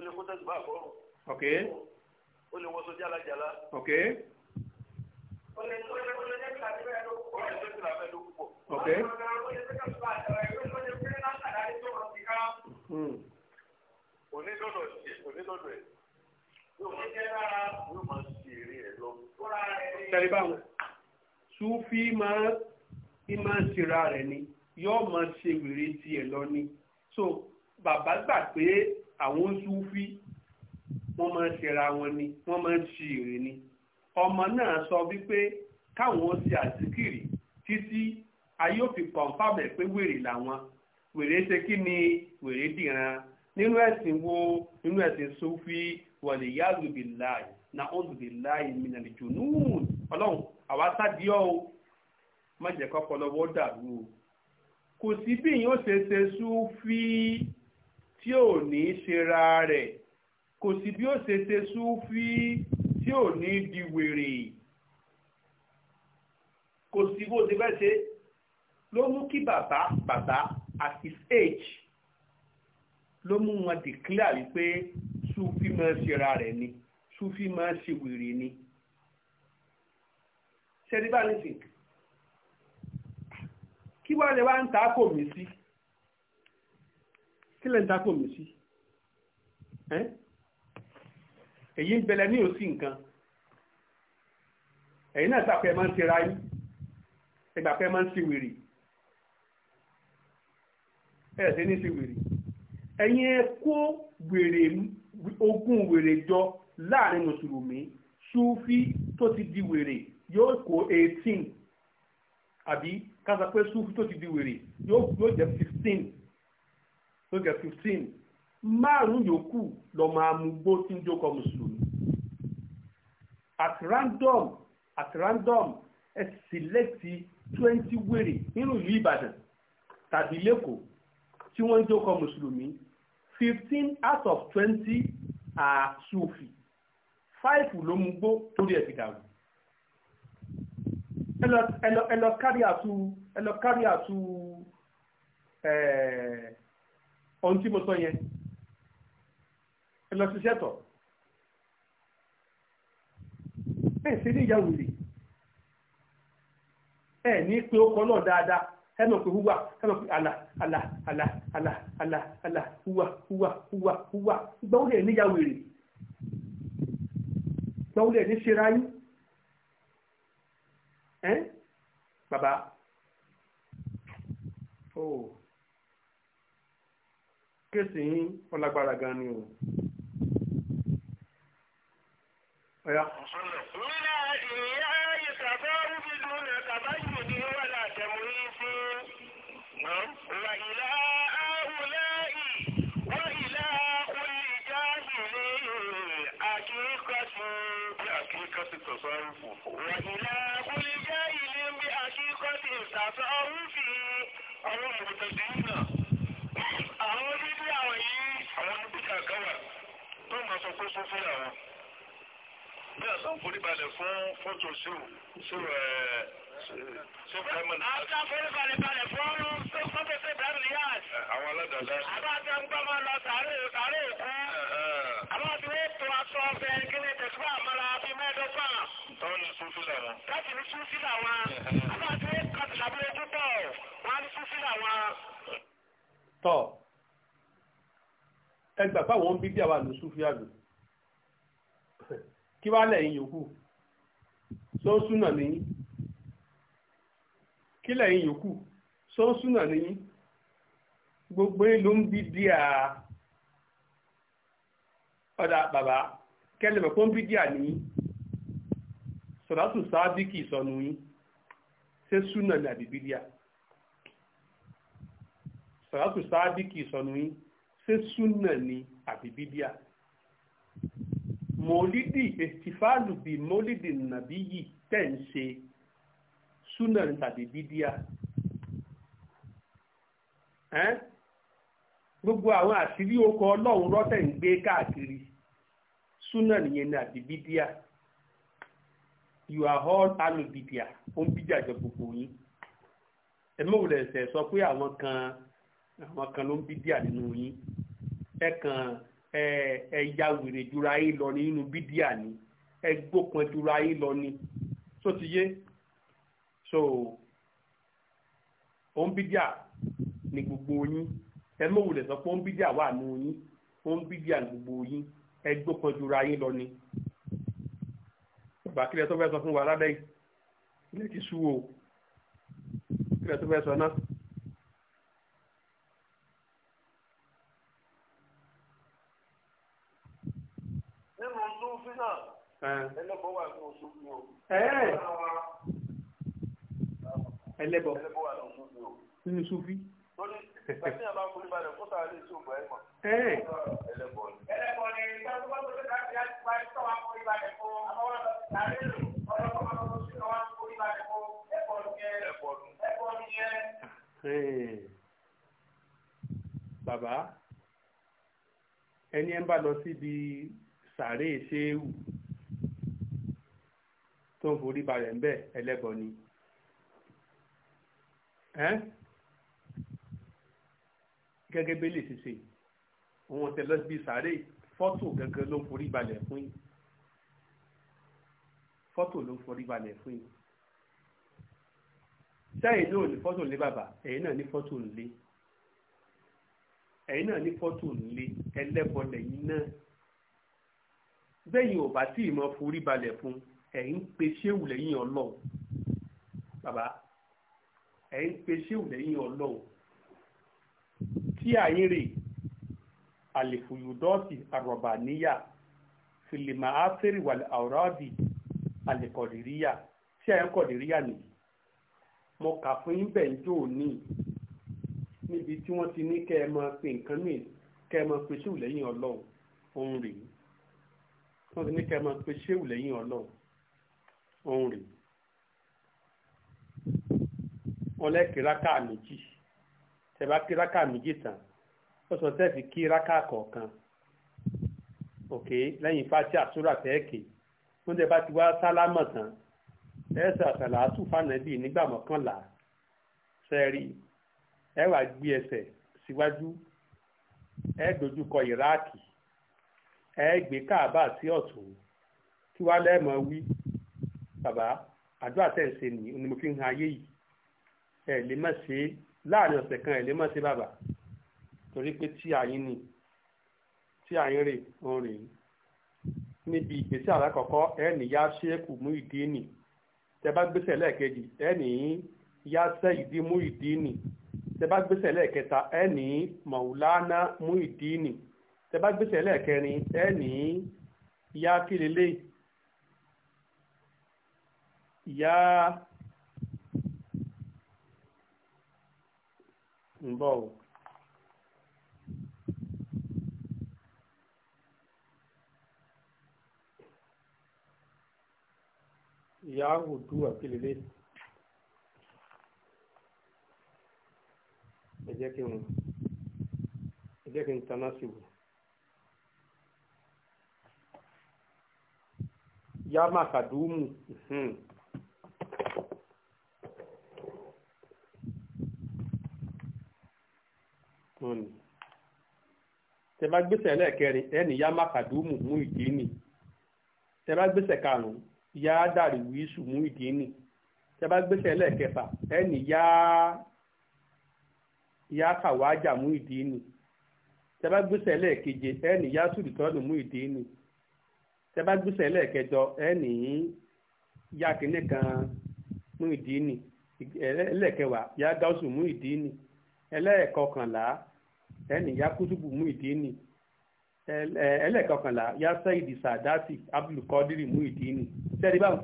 lè kó tẹ̀sí bá a kọ́. ok. ó lè wọ́n sọ jálajàla. ok. ó lè tó lè tó lè tẹ̀sí àti bẹ́ẹ̀ ló kú pọ̀. ó ló kú pọ̀. Ok. Onídọ̀dọ̀ ṣe onídọ̀dọ̀ ẹ̀ yóò máa ṣe rárá yóò máa ṣe eré ẹ̀ lọ. Tẹ̀lé báwọn. Súfí máa ń máa ń ṣera rẹ̀ ni yóò máa ṣe wèrè tiẹ̀ lọ ni. So bàbá gbà pé àwọn Súfí wọ́n máa ṣera wọn ni wọ́n máa ṣe èrè ni. Ọmọ náà sọ wípé káwọn ṣe àsìkiri títí ayé òfin kọ̀ǹfàmù ẹ̀ pé wèrè làwọn wèrè ṣe kí ni wèrè dìran nínú ẹ̀sìn wo nínú ẹ̀sìn sufi wọ̀lẹ̀ yáàlú bì láì na ọ̀dù bì láì mìíràn lè jùnú ọlọ́run àwa sádìọ́ o má jẹ́ kọ́ pọlọwọ́ dàrú o kò sí bí yín ó ṣe ṣe sufi tí ò ní ṣera rẹ̀ kò sí bí ó ṣe ṣe sufi tí ò ní di wèrè kò sí bó ti fẹ́ ṣe ló mú kí bàbá bàbá at his age ló mú wọn declare wípé sufi máa ń ṣera rẹ̀ ni sufi máa ń ṣe wèrè ni ṣẹ́ni bá nìsín kí wọ́n lè wá ń ta kò mí sí kí lè ń ta kò mí sí èyí ń bẹ̀lẹ̀ ní òsì nǹkan ẹ̀yin náà gbàpẹ́ máa ń ṣera yín ẹgbàpẹ́ máa ń ṣe wèrè ẹ̀sẹ̀ ní sí wèrè ẹ̀yin ẹ kó wèrè ogún wèrè jọ láàrin mùsùlùmí ṣúfí tó ti di wèrè yóò kó 18, àbí kásá pé ṣúfí tó ti di wèrè yóò jẹ́ fifteen yóò jẹ́ fifteen márùn yòókù lọ́mọ amúgbó tí ń jókòó mùsùlùmí at random at random ẹ sílẹ̀tì 20 wèrè nínú ìlú Ìbàdàn tàbí lẹ́kọ̀ọ́ tí wọ́n ń jókòó mùsùlùmí fifteen out of twenty are sufi five ló mú gbó torí ẹ̀ fi dàrú ẹ lọ kárí àtú ẹ lọ kárí àtú ohun tí mo sọ yẹn ẹ lọ ṣiṣẹ́ tọ̀ ẹ sì ní ìyá wùlì ẹ ní pé ó kọ́ náà dáadáa ẹmọ̀ pé húwà ẹmọ̀ pé àlà àlà àlà àlà àlà àlà húwà húwà húwà húwà gbọ́n lè níyàwó èrè gbọ́n lè ní ṣe ráyé ẹ́ bàbá ó kéèsì yín ọlágbára gan ni o. ọ̀yà. ọ̀sán ìyá. وإلى هؤلاء وإلى كل جاهل حقيقة بحقيقة التصرف وإلى كل جاهل بحقيقة التصرف àwọn àbùtàdé náà àwọn bíbí àwọn yìí àwọn níbíkà káwà tó máa sọ pé sún fún àwọn bí àtàn foríbalẹ̀ fún fọ́tò síwò síwò ẹ̀ síwò ẹ̀mọ́nà. àtàn foríbalẹ̀ balẹ̀ tọ́ ẹgbà fáwọn ń bí bí àwa lò súfíà lò kí wá lẹ́yìn yòókù tó ń súnà nìyí kí lẹ́yìn yòókù tó ń súnà nìyí gbogbo yín ló ń bí díà ọ̀dà bàbá kẹlẹ̀mọ̀ kó ń bí díà nìyí sọ̀rọ̀ àtúnṣe ábíkì ìsọnù yín ṣé súnà ní àbí bí díà. sọ̀rọ̀tù sáàdìkì ìsọ̀nù yín ṣé súnà ni àbí mọ̀lídì ètìfáàlù bí mọ̀lídì nàbí yìí tẹ̀ ń ṣe súnà ni gbogbo àwọn àṣírí oko ọlọ́run rọ́tẹ̀ ń gbé káàkiri súnà nìyẹn ni àbí you are all alubidia ó ń bíjà jọ gbogbo yín ẹ mọ̀ wùlẹ̀ sọ pé àwọn kan. àwọn kan ló ń bí díà nínú yín ẹ kàn ẹ ẹ ya wèrè jura yín lọ nínú bí díà ni ẹ gbópọn jura yín lọ ni tó ti yé so òun bí díà ni gbogbo yín ẹ mọ̀ wùlẹ̀ sọ pé òun bí díà wà nínú yín òun bí díà ni gbogbo yín ẹ gbópọn jura yín lọ ni bàbá kílẹ̀ tó fẹ́ sọ fún wa lábẹ́ yìí ilé ti sú o kílẹ̀ tó fẹ́ sọ náà. ẹlẹ́bọ̀ nínú sufi. torí fún àwọn ọ̀dọ́ àárẹ̀ ẹni ẹ ń bá lọ síbi sàárè ṣéwù tó ń forí balẹ̀ ńbẹ̀ ẹlẹ́bọ ni gẹ́gẹ́ bí lè ṣiṣe òun ọ̀tẹ̀ lọ́sibí sàárè fọ́tò gẹ́gẹ́ ló ń forí balẹ̀ fún yìí fọ́tò ló ń forí balẹ̀ fún yìí sẹ́yìn náà ní fọ́tò nílé bàbá ẹ̀yin náà ní fọ́tò nílé ẹ̀yin náà ní fọ́tò nílé ẹlẹ́bọ lẹ́yìn náà bẹ́yìn ò bá tí ì mọ forí balẹ̀ fún ẹ̀yin pe ṣéwù lẹ́yìn ọlọ́run bàbá ẹ̀yin pe ṣéwù lẹ́yìn ọlọ́run tí àyín rè àlèfòyòdọ́ọ̀tì àrọ̀bà níyà fìlìmà áfẹ́rì wà àwòrán-àbì àlèkọ̀dìríyà tí àyín kọ̀dìríyà nìyí mo kà fún yín bẹ́ẹ̀ ń jò ní níbi tí wọ́n ti ní kẹ́ ẹ mọ pé nǹkan mìíràn kẹ́ ẹ mọ pe ṣéwù lẹ́yìn ọlọ́run òun rèé wọ́n ti ní kẹ́ máa pe ṣéwù lẹ́yìn ọlọ́run òun rèé wọ́n lẹ́ kí rákà méjì tẹ́ bá kí rákà méjì tán ó sọ tẹ́ fi kí rákà kọ̀ọ̀kan òkè lẹ́yìn fati àsúrà tẹ́ẹ̀kì wọ́n tẹ́ bá ti wá sálámọ̀ tán ẹ̀sẹ̀ àtàlà àtúfànàbì nígbà mọ́kànlá sẹ́ẹ̀rì ẹ wá gbé ẹsẹ̀ síwájú ẹ dojú kọ ìráàkì ẹ gbé káàbà sí ọ̀tún kí wá lẹ́ẹ̀mọ wí bàbá àdúrà tẹ̀ ń ni mo fi ń han ayé yìí ẹ lè má ṣe láàrin ọ̀sẹ̀ kan ẹ lè má ṣe bàbá torí pé tí àyín ni tí àyín rè ń rè é níbi ìgbésẹ̀ alákọ̀ọ́kọ́ ẹ ní yá ṣéèkù mú ìdí nì tẹ bá gbésẹ̀ lẹ́ẹ̀kejì ẹ yá sẹ́ ìdí mú ìdí nì tẹ bá gbésẹ̀ lẹ́ẹ̀kẹta ẹ mọ̀wúlánà mú ìdí nì tẹ bá gbèsè lẹ́ẹ̀kẹrin ẹ ní ìyá kílélé ìyá ń bọ̀ o. ìyá òdu àkílélé ẹ jẹ́ kí n ẹ yama kadumu hmm. hmm. tẹ bá gbèsè lẹ́ẹ̀kẹrin ẹni yama kadumu mú ìdí nì tẹ bá gbèsè karùn-ún yá dàrí wíṣù mú ìdí nì tẹ bá gbèsè lẹ́ẹ̀kẹfà ẹni ya yá kàwájà mú ìdí nì tẹ gbèsè lẹ́ẹ̀keje ẹni yá sùdìtọ́nù mú ìdí nì tẹ bá gbúsẹ̀ lẹ́ẹ̀kẹjọ ẹ ní yá kínní kan mú ìdí nì ẹlẹ́ẹ̀kẹwàá yá gáúsù mú ìdí nì ẹlẹ́ẹ̀kọkànlá ẹ ní yá kútùbù mú ìdí nì ẹlẹ́ẹ̀kọkànlá yá sẹ́yìdì sàdáàtì abdulkadiri mú ìdí nì sẹ́ẹ̀dì báwọn.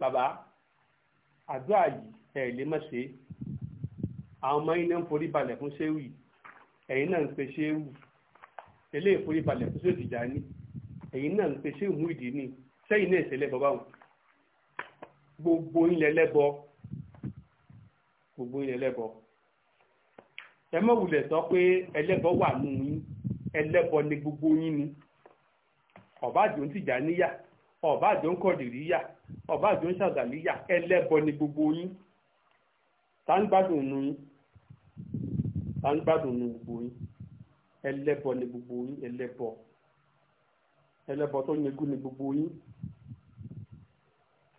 bàbá àdúrà yìí ẹ lè má ṣe àwọn ọmọ yín náà ń forí balẹ̀ fún ṣéwì ẹ̀yin náà ń pe ṣéwì ilé ìforíbalẹ̀ fún sóòtì jà ní ẹ̀yin náà ń pe sí ìmú ìdí ni sẹ́yìn náà ìṣẹ̀lẹ̀ bọ́ báwọn gbogbo ilẹ̀ lẹ́bọ gbogbo ilẹ̀ lẹ́bọ ẹ mọ̀ wulẹ̀ sọ pé ẹlẹ́bọ wà nù yín ẹlẹ́bọ ni gbogbo yín ni ọ̀bá àjò ń tìjà níyà ọ̀bá àjò ń kọ̀dìrí yà ọ̀bá àjò ń ṣàgàlí yà ẹlẹ́bọ ni gbogbo yín tá ń gbádùn nù yín tá ń gbádùn nù gbogbo yín ẹlẹ́bọ ni gbogbo yín ẹlẹ́bọ ẹlẹ́bọ tó yẹgún ni gbogbo yín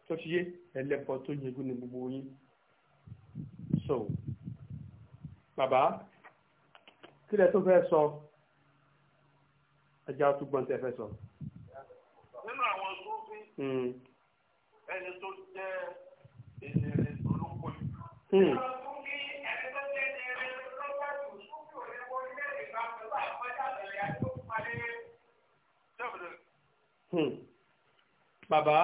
tó ti yé ẹlẹ́bọ tó yẹgún ni gbogbo yín so bàbá kí lẹ tó fẹ́ sọ ẹja tó tẹ fẹ́ sọ. nínú àwọn sófin hmm. ẹni tó jẹ́ ènìyàn olóko yìí. Hmm. Hmm. bàbá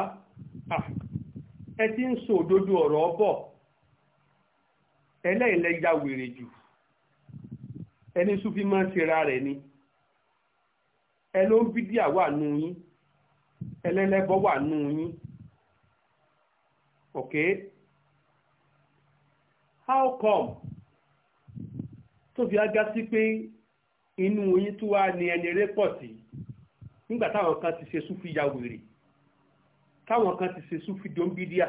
ẹ ti ń sọ òdodo ọ̀rọ̀ ọbọ̀, ẹlẹ́ẹ̀lẹ́ ya wèrè jù ẹni sùn fi máa ń ṣera rẹ̀ ni ẹ ló ń bídíà wà nù yín ẹlẹ́lẹ́bọ wà nù yín Ok, how come tó fi á já sí pé inú yín tó wá ní ẹni rẹ́pọ̀ sí. nígbà táwọn kan ti ṣe súfì ya wèrè táwọn kan ti ṣe súfì dombidia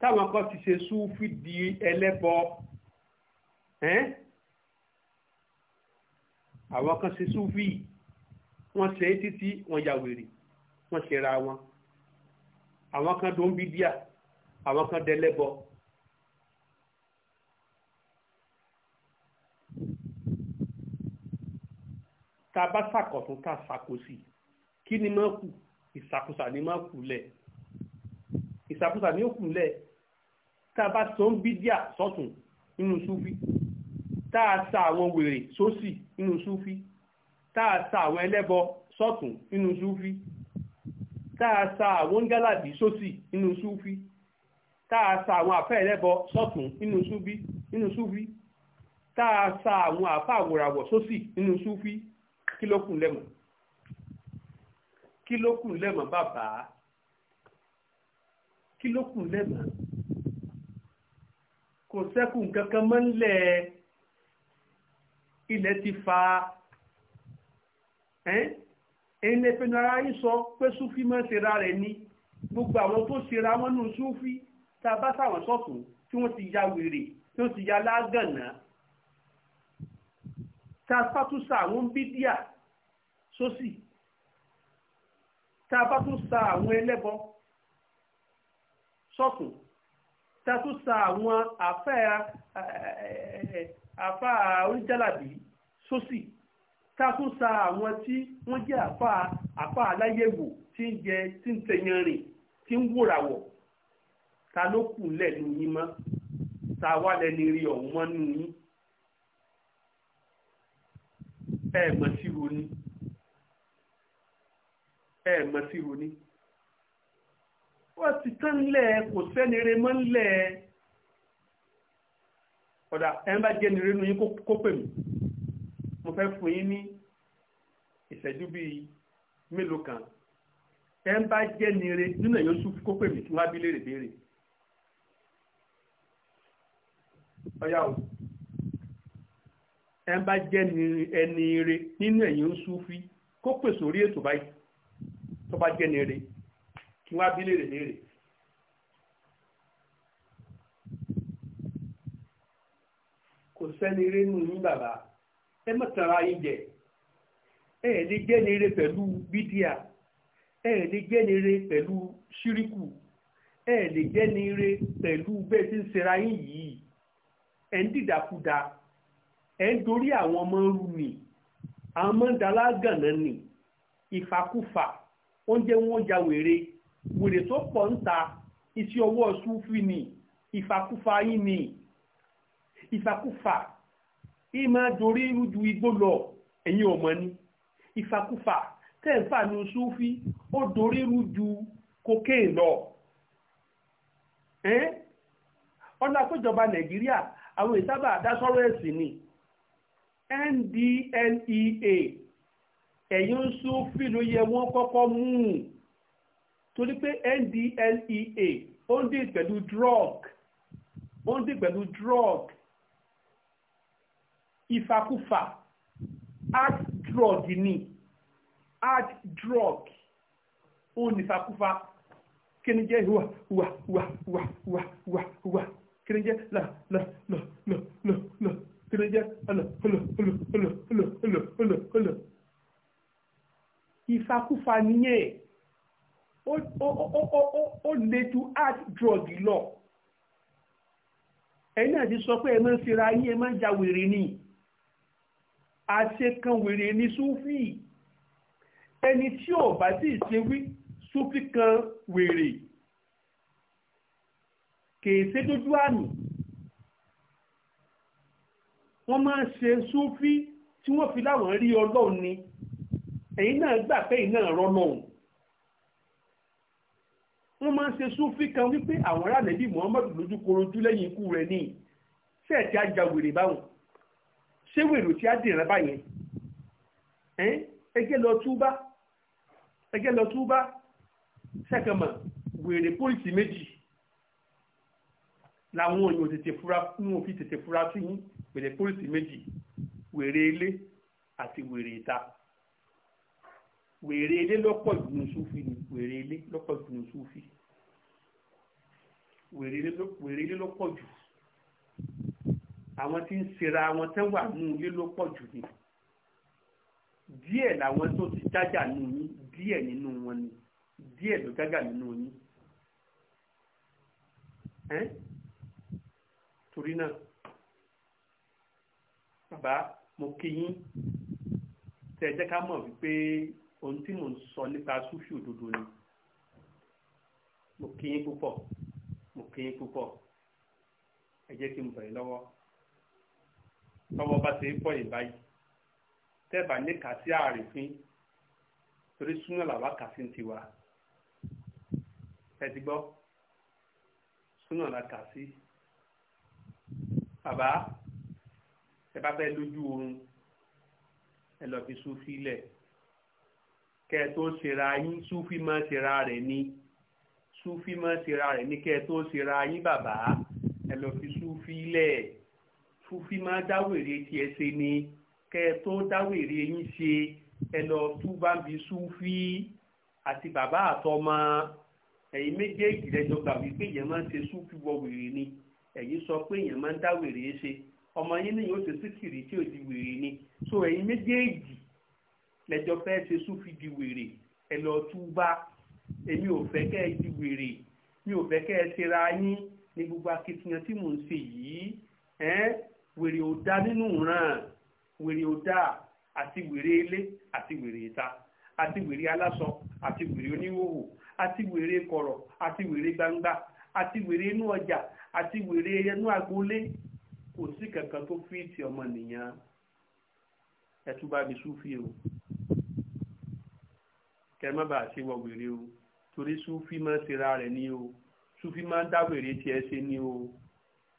táwọn kan ti ṣe súfì di ẹlẹ́bọ ẹ́n àwọn kan ṣe súfì wọ́n ṣe títí wọ́n ya wèrè wọ́n ṣe ra wọn àwọn kan dombidia àwọn kan dẹlẹ́bọ. tá a bá sàkọ̀tún tá a sàkósì kí ni máa kù ìsàkósà ni máa kù lẹ̀ ìsàkósà ni ó kù lẹ̀ tá a bá sọ ń bídíà sọ́tún nínú súfì tá a sa àwọn wèrè sósì nínú súfì tá a sa àwọn ẹlẹ́bọ sọ́tún nínú súfì tá a sa àwọn gálàdì sósì nínú súfì tá a sa àwọn àfẹ́ ẹlẹ́bọ sọ́tún nínú súfì nínú súfì tá a sa àwọn àfẹ́ àwòràwọ̀ sósì nínú súfì kí ló kùn lẹ́mọ̀ kí ló kùn lẹ́mọ̀ bàbá kí ló kùn lẹ́mọ̀ kò sẹ́kùn kankan mọ́ ńlẹ̀ ilẹ̀ ti fa ẹ̀yìn lè fẹ́nu ara yín sọ pé súfí mọ́ ṣera rẹ̀ ni gbogbo àwọn tó ṣera wọn nù súfí tá a bá sáwọn sọ̀tún tí wọ́n ti ya wèrè tí wọ́n ti ya lágànnà tá a bá tún sa àwọn bídíà sósì tá a bá tún sa àwọn ẹlẹ́bọ sọ́tún tá a tún sa àwọn àfà eh, oníjàlábí sósì tá a tún sa àwọn tí wọ́n jẹ́ àfà àfà aláyẹ̀wò tí ń jẹ tí ń tẹ̀yàn rìn tí ń wòràwọ̀ ta ló kù lẹ́nu yín mọ́ ta wá lẹ́ni rí ọ̀hún mọ́ nínú yín. ẹ̀mọ̀ sí ronú ẹ̀mọ̀ sí ronú wọ́n ti tán ńlẹ̀ kò sẹ́ni re mọ́ ńlẹ̀ ọ̀dà ẹ̀ń bá jẹ́ nire nu yín kó pè mí mo fẹ́ fún yín ní ìṣẹ́jú bíi mélòó kan ẹ̀ń bá jẹ́ nire nínú ẹ̀yọ́ sùn kó pè mí kí wọ́n á bí léèrè béèrè ọ̀yá o ẹ bá jẹ́ ẹni ire nínú ẹ̀yin Sufi kó pè sórí ètò báyìí tó bá jẹ́ ẹni ire kí wọ́n á bí léèrè léèrè. kò sẹ́ni ire nù yín bàbá ẹ má tara yín jẹ ẹ ẹ̀ lè jẹ́ ẹni ire pẹ̀lú bídíà ẹ ẹ̀ lè jẹ́ ẹni ire pẹ̀lú ṣíríkù ẹ lè jẹ́ ní ire pẹ̀lú bẹ́ẹ̀ tí ń ṣera yín yìí ẹ̀ ń dìdàkudà E n dorí àwọn ọmọ rú ni àwọn ọmọ ń dalá gànà ni ifakufa oúnjẹ wọn ya wèrè wèrè tó pọ̀ ń ta iṣẹ́ ọwọ́ ni Ifakufa yìí ni ìfàkúfà yìí máa dorí ju igbó lọ ẹ̀yin ọmọ ni ìfàkúfà tẹ́ ń fà ní ó dorí lọ ọ̀nà àkójọba nàìjíríà àwọn ìsábà dá sọ́rọ̀ ẹ̀sìn ni. ndlea ẹ̀yin ń sún fìlú yẹ wọ́n kọ́kọ́ mú un torí pé ndlea ó ń dì pẹ̀lú drug ó ń dì pẹ̀lú drug ìfàkúfà art drug ni art drug ó ní ìfàkúfà kí ni jẹ́ wà wà wà wà wà wà kí ni jẹ́ là là là là là kí ló jẹ́ ọlọ̀ ọlọ̀ ọlọ̀ ọlọ̀ ọlọ̀ ọlọ̀ ọlọ̀ ọlọ̀ ìfakúfa nìyẹn ó le ju art drug lọ ẹ̀yin náà ti sọ pé ẹ máa ń fira yín ẹ máa ń ja wèrè ni àṣekan wèrè ni súfì ẹni tí ò bá sì ṣe wí súfì kan wèrè kèé ṣe dójú àmì wọ́n máa ń ṣe súfí tí wọ́n fi láwọn rí ọlọ́run ni ẹ̀yin náà gbà pé ìná rọlọ́run wọ́n máa ń ṣe súfí kan wípé àwọn ará nẹ́bí Muhammadu lójú korojú lẹ́yìn ikú rẹ̀ ní fẹ́ẹ̀ tí a ja wèrè báwọn ṣé wèrè tí a dìrẹ báyẹn ẹgẹ́ lọ túbá ẹgẹ́ lọ túbá sẹ́kẹ̀mọ̀ wèrè pólìsì méjì làwọn èèyàn tètè fura fún òfin tètè fura sí yín wèrè pólìsì méjì wèrè ilé àti wèrè ìta wèrè ilé lọ́pọ̀ ìgbìmọ̀ sùfì ni wèrè ilé lọ́pọ̀ ìgbìmọ̀ sùfì wèrè ilé lọ́pọ̀ jù àwọn tí ń ṣera àwọn tẹ́ wà nù ilé lọ́pọ̀ jù ni díẹ̀ làwọn tó ti jájà nù yín díẹ̀ nínú wọn ni díẹ̀ ló jájà nínú yín torí náà bàbá mo kí yín tẹ jẹ́ ká mọ̀ wípé ohun tí mò ń sọ nípa súfì òdodo ni mo kí yín púpọ̀ mo kí yín púpọ̀ ẹ jẹ́ kí n bọ̀ yín lọ́wọ́ tọ́wọ́ bá ti ń bọ̀ yín báyìí tẹ́ẹ̀bà ní kàsí àrífín torí súnà làwa kàsí ń tiwa ẹ ti gbọ́ súnà la kàsí bàbá ẹ bá fẹ́ lójú oorun ẹ lọ fi súfì lẹ̀ kẹ́ tó ṣera yín súfì máa ṣera rẹ̀ ni sufi máa ṣera rẹ̀ ni kẹ́ ẹ tó ṣera yín bàbá ẹ lọ fi súfì lẹ̀ súfì máa dáwèrè tiẹ̀ ṣe ni kẹ́ ẹ tó dáwèrè yín ṣe ẹ lọ túbá bí súfì àti bàbá àtọmọ ẹ̀yin méjèèjì lẹ́jọ́ gbà wípé èèyàn máa ń ṣe súfì wọ wèrè ni ẹ̀yin sọ pé èèyàn máa ń dáwèrè ṣe ọmọ yín ní yóò ṣe síkìrì tí ò di wèrè ni so ẹ̀yin méjèèjì lẹjọ fẹ́ ṣe súfì di wèrè ẹ lọ túbá èmi ò fẹ́ kẹ́ ẹ di wèrè mi ò fẹ́ kẹ́ ẹ ṣera yín ní gbogbo akitiyan tí mò ń ṣe yìí wèrè ò dá nínú ìran wèrè ò dá àti wèrè ilé àti wèrè ìta àti wèrè aláṣọ àti wèrè oníhòòhò àti wèrè kọ̀rọ̀ àti wèrè gbangba àti wèrè inú ọjà àti wèrè inú agboolé kò sí kankan tó fíìtì ọmọnìyàn ẹtúbà bí súfì o kẹmọ bá ṣe wọ wèrè o torí súfì máa ń ṣera rẹ̀ ní o súfì máa ń dá wèrè tiẹ̀ ṣe ní o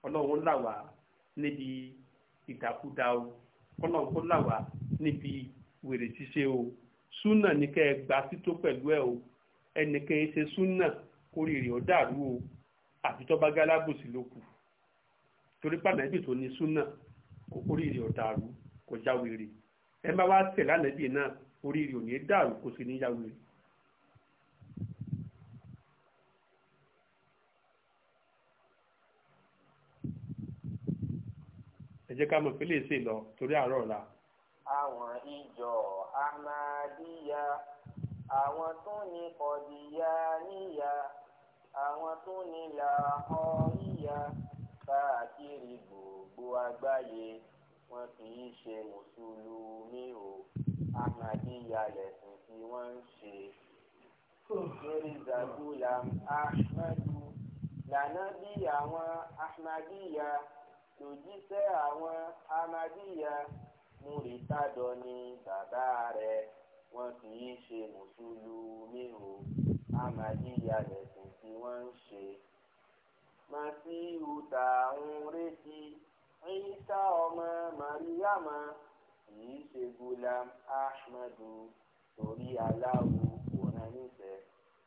ọlọ́run là wá níbi ìdàkúdà o ọlọ́run kó là wá níbi wèrè ṣíṣe o súnà ní kẹ́ ẹ gbà tító pẹ̀lú ẹ o ẹnìkan ṣe súnà kórìrì ó o àfi tó bá ló kù. torí pé ànábì tó ní súnà kò ò dàrú kò jáwèrè ẹ má wá tẹ̀lé ànábì náà oríire ò ní dàrú kò sì ní jáwèrè. ẹ jẹ́ ká mọ̀ pé lè ṣe lọ torí àárọ̀ ọ̀la. àwọn ìjọ ahmadiyya àwọn tó ní kọdíyà níyà àwọn tó ní làhọ́ríyà. káàkiri gbogbo àgbáyé wọn kì í ṣe mùsùlùmí o ahmadiyya lẹ̀sìn tí wọ́n ń ṣe. mirizagulam ahmadu lànábì àwọn ahmadiyya lòjíṣẹ́ àwọn ahmadiyya múritádọ ni bàbá rẹ̀ wọn kì í ṣe mùsùlùmí o ahmadiyya lẹ̀sìn tí wọ́n ń ṣe màsíù tá à ń retí ìsá ọmọ màríyàmá kìí ṣe gulam ahmadu torí aláwo kò rán níṣẹ́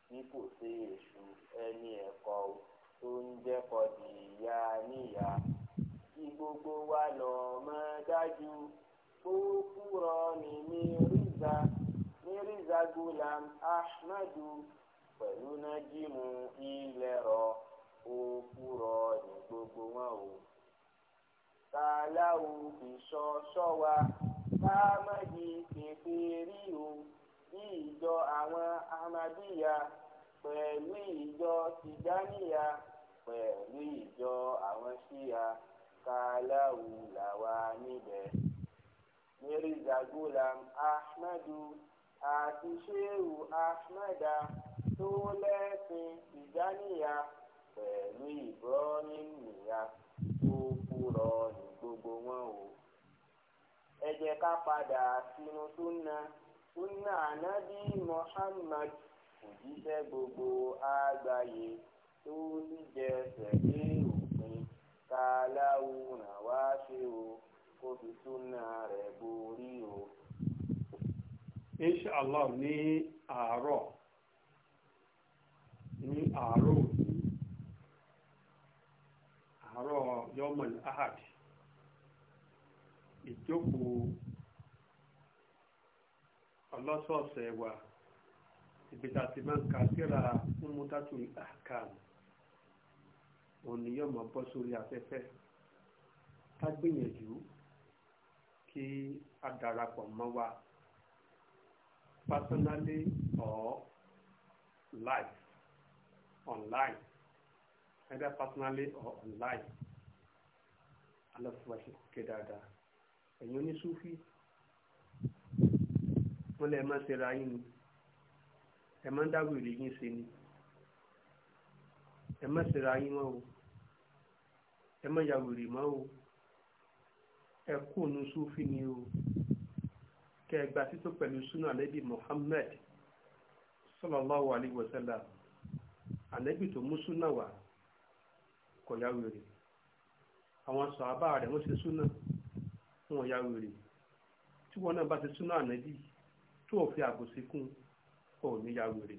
bí kò ṣe èṣù ẹni ẹ̀kọ́ tó ń jẹ́kọ̀ọ́ di ìyá níyà kí gbogbo wa lọ mọ̀ dájú ó kúrọ ní mírízà mírízà gulam ahmadu pẹ̀lú nájímù ilẹ̀ rọ òpùrọ́ ní gbogbo wọn o. Tàláwù ìṣọ́ ṣọ́wa ká má di pèpè rí o bí ìjọ àwọn Ahmadiyya pẹ̀lú ìjọ Tijaniya pẹ̀lú ìjọ àwọn Ṣíya kàláwù làwa níbẹ̀. Mirza Gulam Ahmadu àti Shehu Ahmada tó lẹ́sìn Tijaniya. pẹ̀lú ìbọ́rin nìyà tó kúrọ̀ ní gbogbo wọn o. ẹ jẹ́ ká padà sínú súnà súnà ànábì Muhammad òjíṣẹ́ gbogbo àgbáyé tó sì jẹsẹ̀ dé òpin ká láwùrán wá ṣe o kó fi súnà rẹ̀ borí o. inshallah ní àárọ̀ ní àárọ̀ àárọ̀ yọmọl ahad ìjókòó ọlọ́sọ̀ọ̀sẹ̀ wa ibi ti máa ń ka síra múmútátù ahkam òní yóò bọ́ sórí afẹ́fẹ́ ká gbìyànjú kí a darapọ̀ mọ́ wa personally or live online. either personally or online alọ́fíwá ṣe kókè dáadáa ẹ̀yin oníṣúfì wọ́n lẹ́ máa ń ṣe ra yín ni ẹ máa ń dáwọ́ èrè yín ṣe ni ẹ má ṣe ra yín mọ́ o ẹ má ya wèrè mọ́ o ẹ kú ònú súfì ni o kẹ ẹ gba títún pẹ̀lú súnà ànábì Muhammad sallallahu alaihi wasallam ànábì tó mú súnà wá kò ya wèrè àwọn sàhábà rẹ̀ wọ́n ṣe súnà fún ọ̀ya wèrè tí wọ́n náà bá ti súnà ànábì tó o fi àbòsí kún kò ní ya wèrè.